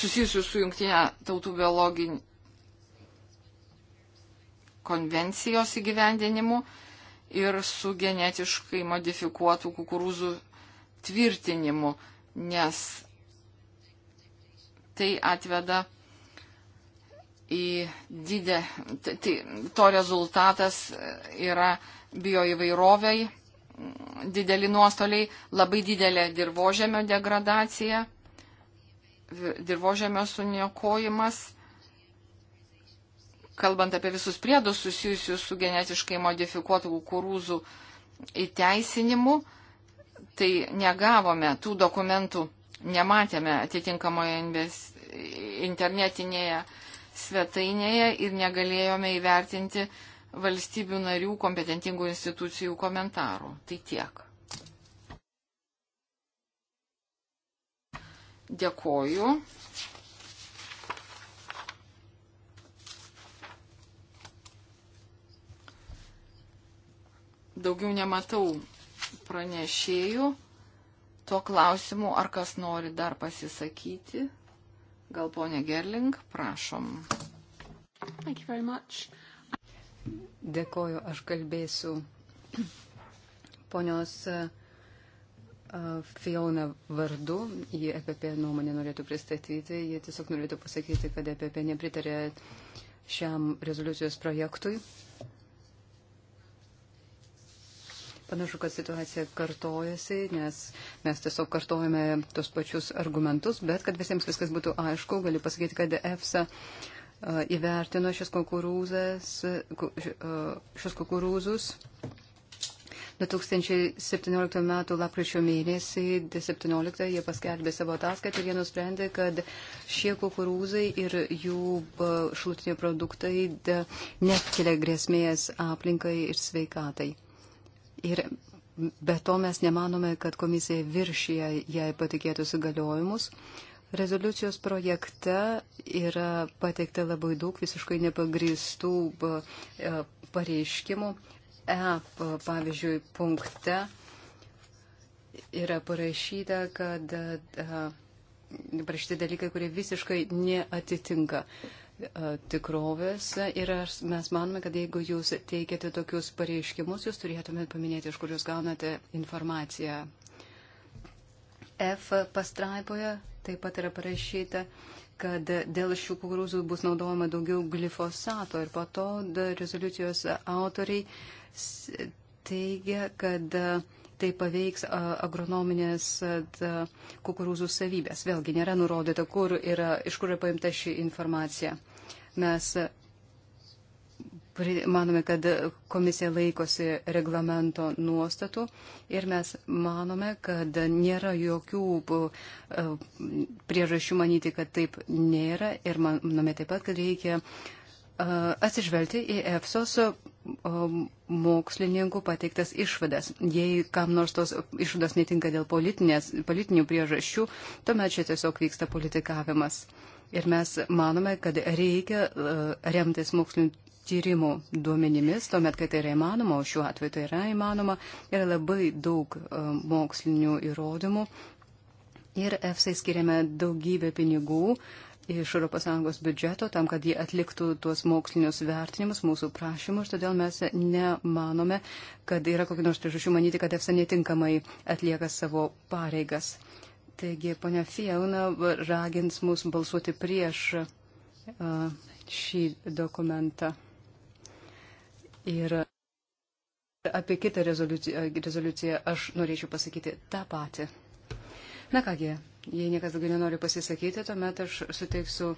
susijusių su jungtinė tautų biologinė konvencijos įgyvendinimu ir su genetiškai modifikuotų kukurūzų tvirtinimu, nes tai atveda į didę, tai, tai, to rezultatas yra bioįvairoviai, dideli nuostoliai, labai didelė dirbožėmio degradacija, dirbožėmio suniokojimas. Kalbant apie visus priedus susijusius su genetiškai modifikuotų kukurūzų įteisinimu, tai negavome tų dokumentų, nematėme atitinkamoje internetinėje svetainėje ir negalėjome įvertinti valstybių narių kompetentingų institucijų komentarų. Tai tiek. Dėkoju. Daugiau nematau pranešėjų tuo klausimu, ar kas nori dar pasisakyti. Gal ponė Gerling, prašom. Dėkoju, aš kalbėsiu ponios Fiona vardu. Ji EPP nuomonę norėtų pristatyti. Ji tiesiog norėtų pasakyti, kad EPP nepritarė šiam rezoliucijos projektui. Panašu, kad situacija kartojasi, nes mes tiesiog kartojame tos pačius argumentus, bet kad visiems viskas būtų aišku, galiu pasakyti, kad EFSA įvertino šis šios kukurūzus 2017 m. lapkričio mėnesį, 17 jie paskelbė savo ataskaitą ir jie nusprendė, kad šie kukurūzai ir jų šalutiniai produktai nekelia grėsmės aplinkai ir sveikatai. Ir be to mes nemanome, kad komisija viršyje jai patikėtus įgaliojimus. Rezoliucijos projekte yra pateikta labai daug visiškai nepagristų e, pareiškimų. E, pavyzdžiui, punkte yra parašyta, kad e, parašyti dalykai, kurie visiškai neatitinka. Uh, E, tikrovės ir mes manome, kad jeigu jūs teikiate tokius pareiškimus, jūs turėtumėte paminėti, iš kur jūs gaunate informaciją. F pastraipoje taip pat yra parašyta, kad dėl šių kukurūzų bus naudojama daugiau glifosato ir po to rezoliucijos autoriai teigia, kad tai paveiks agronominės kukurūzų savybės. Vėlgi nėra nurodyta, kur yra, iš kur yra paimta ši informacija. Mes manome, kad komisija laikosi reglamento nuostatų ir mes manome, kad nėra jokių e, priežasčių manyti, kad taip nėra ir manome taip pat, kad reikia e, atsižvelgti į EFSOS e, mokslininkų pateiktas išvadas. Jei kam nors tos išvadas netinka dėl politinių priežasčių, tuomet čia tiesiog vyksta politikavimas. Uh, Ir mes manome, kad reikia e, remtis mokslinių tyrimų duomenimis, tuomet, kai tai yra įmanoma, o šiuo atveju tai yra įmanoma, yra labai daug e, mokslinių įrodymų. Ir EFSA skiriame daugybę pinigų iš ES biudžeto tam, kad jie atliktų tuos mokslinius vertinimus mūsų prašymus. Todėl mes nemanome, kad yra kokių nors priežasčių manyti, kad EFSA netinkamai atlieka savo pareigas. Taigi, ponia Fijauna ragins mus balsuoti prieš e, šį dokumentą. Ir apie kitą rezoliuciją, e, rezoliuciją aš norėčiau pasakyti tą patį. Na kągi, jei niekas daugiau nenori pasisakyti, tuomet aš suteiksiu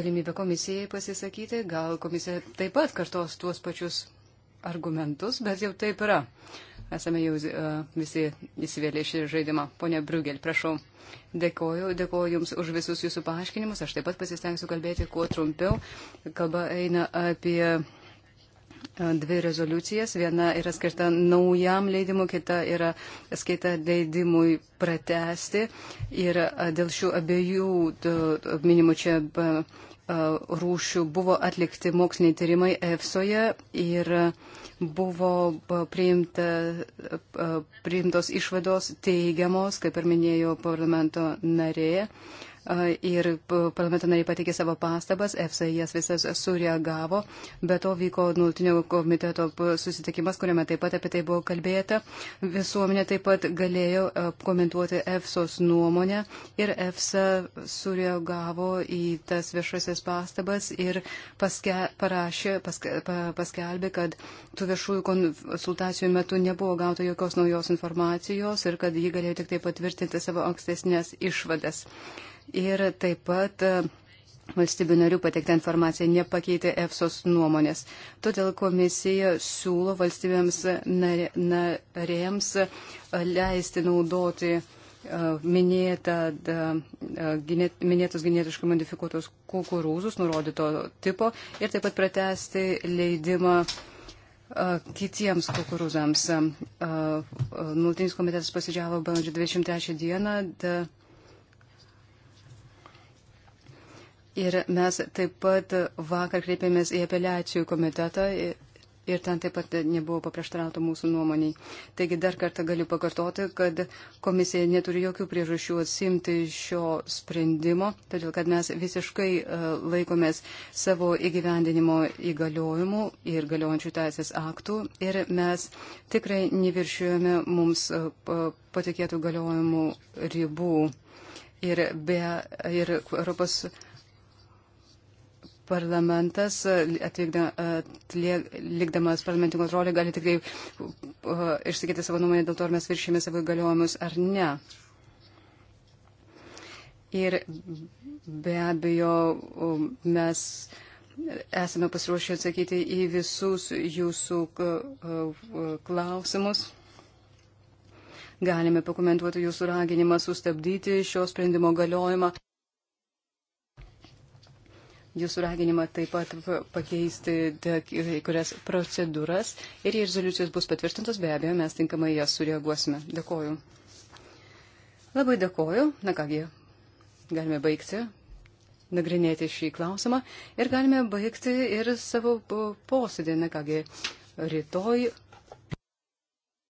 galimybę komisijai pasisakyti. Gal komisija taip pat kartos tuos pačius argumentus, bet jau taip yra. Esame jau e, visi įsivėlę šį žaidimą. Pone Briugel, prašau. Dėkoju, dėkoju Jums už visus Jūsų paaiškinimus. Aš taip pat pasistengsiu kalbėti kuo trumpiau. Kalba eina apie dvi rezoliucijas. Viena yra skirta naujam leidimui, kita yra skirta leidimui pratesti. Ir dėl šių abiejų minimų čia rūšių buvo atlikti moksliniai tyrimai EFSOje ir buvo priimta, priimtos išvados teigiamos, kaip ir minėjo parlamento narė, ir parlamento nariai pateikė savo pastabas, EFSA jas visas sureagavo, be to vyko nuolatinio komiteto susitikimas, kuriame taip pat apie tai buvo kalbėta. Visuomenė taip pat galėjo komentuoti EFSOS nuomonę ir EFSA sureagavo į tas viešasias pastabas ir paske, parašė, paske, paskelbė, kad tų viešųjų konsultacijų metu nebuvo gauta jokios naujos informacijos ir kad ji galėjo tik tai patvirtinti savo ankstesnės išvadas ir taip pat e, valstybių narių pateikta informacija nepakeitė EFSOS nuomonės. Todėl komisija siūlo valstybėms narėms e, leisti naudoti e, minėtą, minėtus genetiškai modifikuotus kukurūzus nurodyto tipo ir taip pat pratesti leidimą kitiems kukurūzams. Nultinis komitetas pasidžiavo balandžio 23 dieną. Da, Ir mes taip pat vakar kreipėmės į apeliacijų komitetą ir ten taip pat nebuvo paprieštarauta mūsų nuomoniai. Taigi dar kartą galiu pakartoti, kad komisija neturi jokių priežasčių atsimti šio sprendimo, todėl kad mes visiškai e, laikomės savo įgyvendinimo įgaliojimų ir galiojančių teisės aktų ir mes tikrai neviršiuojame mums e, patikėtų galiojimų ribų. Ir, be, ir Europos parlamentas, e, atlikdamas e, parlamentinį kontrolę, gali tikrai e, išsakyti savo nuomonę dėl to, ar mes viršėme savo įgaliojimus ar ne. Ir be abejo, mes esame pasiruošę atsakyti į visus jūsų klausimus. Galime pakomentuoti jūsų raginimą sustabdyti šio sprendimo galiojimą jūsų raginimą taip pat pakeisti kurias procedūras ir jei rezoliucijos bus patvirtintos, be abejo, mes tinkamai jas sureaguosime. Dėkoju. Labai dėkoju. Na kągi, galime baigti nagrinėti šį klausimą ir galime baigti ir savo posėdį. Na kągi, rytoj